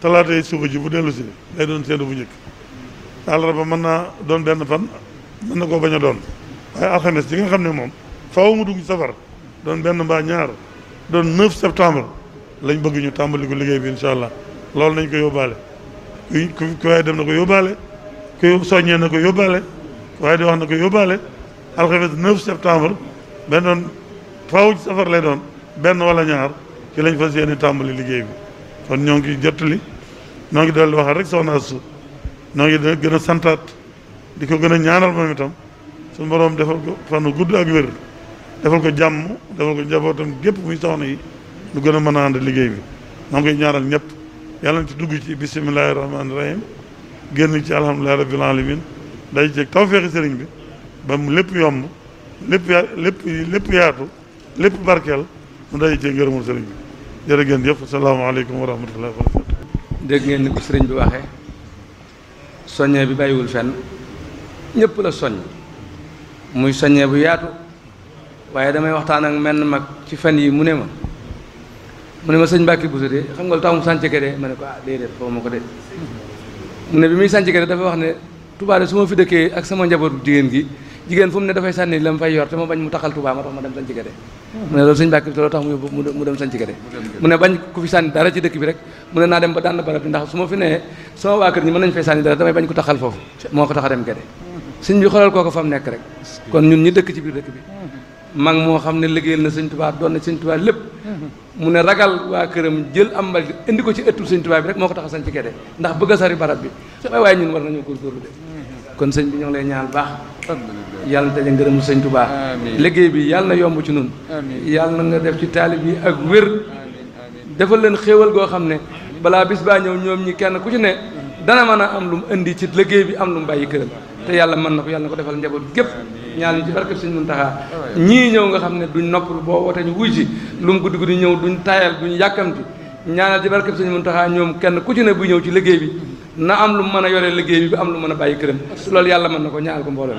talaata yi suba ji bu dellu si day doon seenu bu njëkk àllarba mën naa doon benn fan mën na koo bañ a doon waaye alxames yi nga xam ne moom faaw mu dugg safar doon benn mbaa ñaar doon 9 septembre lañu bëgg ñu tàmbali ko liggéey bi incha allah loolu nañ ko yóbbaale ku ku waaye dem na ko yóbbaale ku soññee na ko yóbbaale ku waaye di wax na ko yóbbaale alxames 9 septembre benn doon faaw ci lay doon benn walla ñaar ci lañ fas yéene tàmbali liggéey bi kon ñoo ngi jottali ñoo ngi daldi waxal rek soxna Astou ñoo ngi gën a santaat di ko gën a ñaanal moom itam su boroom defal ko fanu gudd ak wér defal ko jàmm defal ko njabootam gépp muy soxna yi lu gën a mën a ànd liggéey bi ñoo ngi koy ñaanal ñëpp yàlla na ci dugg ci bisimilahi rahmaani rahim génn ci alhamdulilahi rabbil alamin day jeg tawféexi sëriñ bi ba mu lépp yomb lépp ya lépp lépp yaatu lépp barkeel mu day cee ngërëmul sëriñ bi jërë ngeen jëf asalaamaaleykum wa rahmatullahi wa barakatu dégg ngeen ko sëriñ bi waxee soññee bi bàyyiwul fenn ñëpp la soññ muy soññee bu yaatu waaye damay waxtaan ak menn mag ci fan yi mu ne ma mu ne ma sëñ Mbacke Bousso de xam nga lu tax mu sànc Kede ma ne ko ah déedéet foo ma ko de mu ne bi muy sànc Kede wax ne Touba de su ma fi dëkkee ak sama njabootu jigéen gi jigéen fu ne dafay sànni la mu fay yor te ma bañ mu taxal Touba ma tax ma dem sànc Kede mu ne loolu sëñ tax mu yóbbu mu dem sànc Kede mu ne bañ ku dara ci dëkk bi rek mu ne naa dem ba daan barab bi ndax su ma fi nee sama waa kër ñi mën nañu fay sànni dara damay bañ ko taxal foofu moo ko tax a dem Kede sëñ bi xoolal kooko fa mu nekk rek kon ñun ñi dëkk ci biir dëkk bi mag moo xam ne liggéeyal na sëñ tubaa doon na sëñ tubaa lépp mu ne ragal waa këram jël am mbalit indi ko ci ëttu sëñ tubaa bi rek moo ko tax sañ ci Gédé ndax bëgg a sari barab bi waaye waaye ñun war nañoo góorgóorlu de kon sañ bi ñoo ngi lay ñaan baax yàlla na daje ngërëmu sëñ tubaa liggéey bi yàlla na yomb ci nun yàlla na nga def ci taalib yi ak wér defal leen xéewal goo xam ne balaa bis baa ñëw ñoom ñi kenn ku ci ne dana mën a am lu mu indi ci liggéey bi am lu mu bàyyi te yàlla mën na ko yàlla na ko defal njaboot gépp ñaan yi ci barkeb sëñ Muntaxa ñii ñëw nga xam ne duñ noppalu boo woote ñu wuy si lu mu guddi guddi ñëw duñ tayal duñ yàkkamti ñaanal ci barkeb sëñ Muntaxa ñoom kenn ku ci ne bu ñëw ci liggéey bi na am lu mën a yore liggéey bi am lu mën a bàyyi këram loolu yàlla mën na ko ñaanal ko mbooloo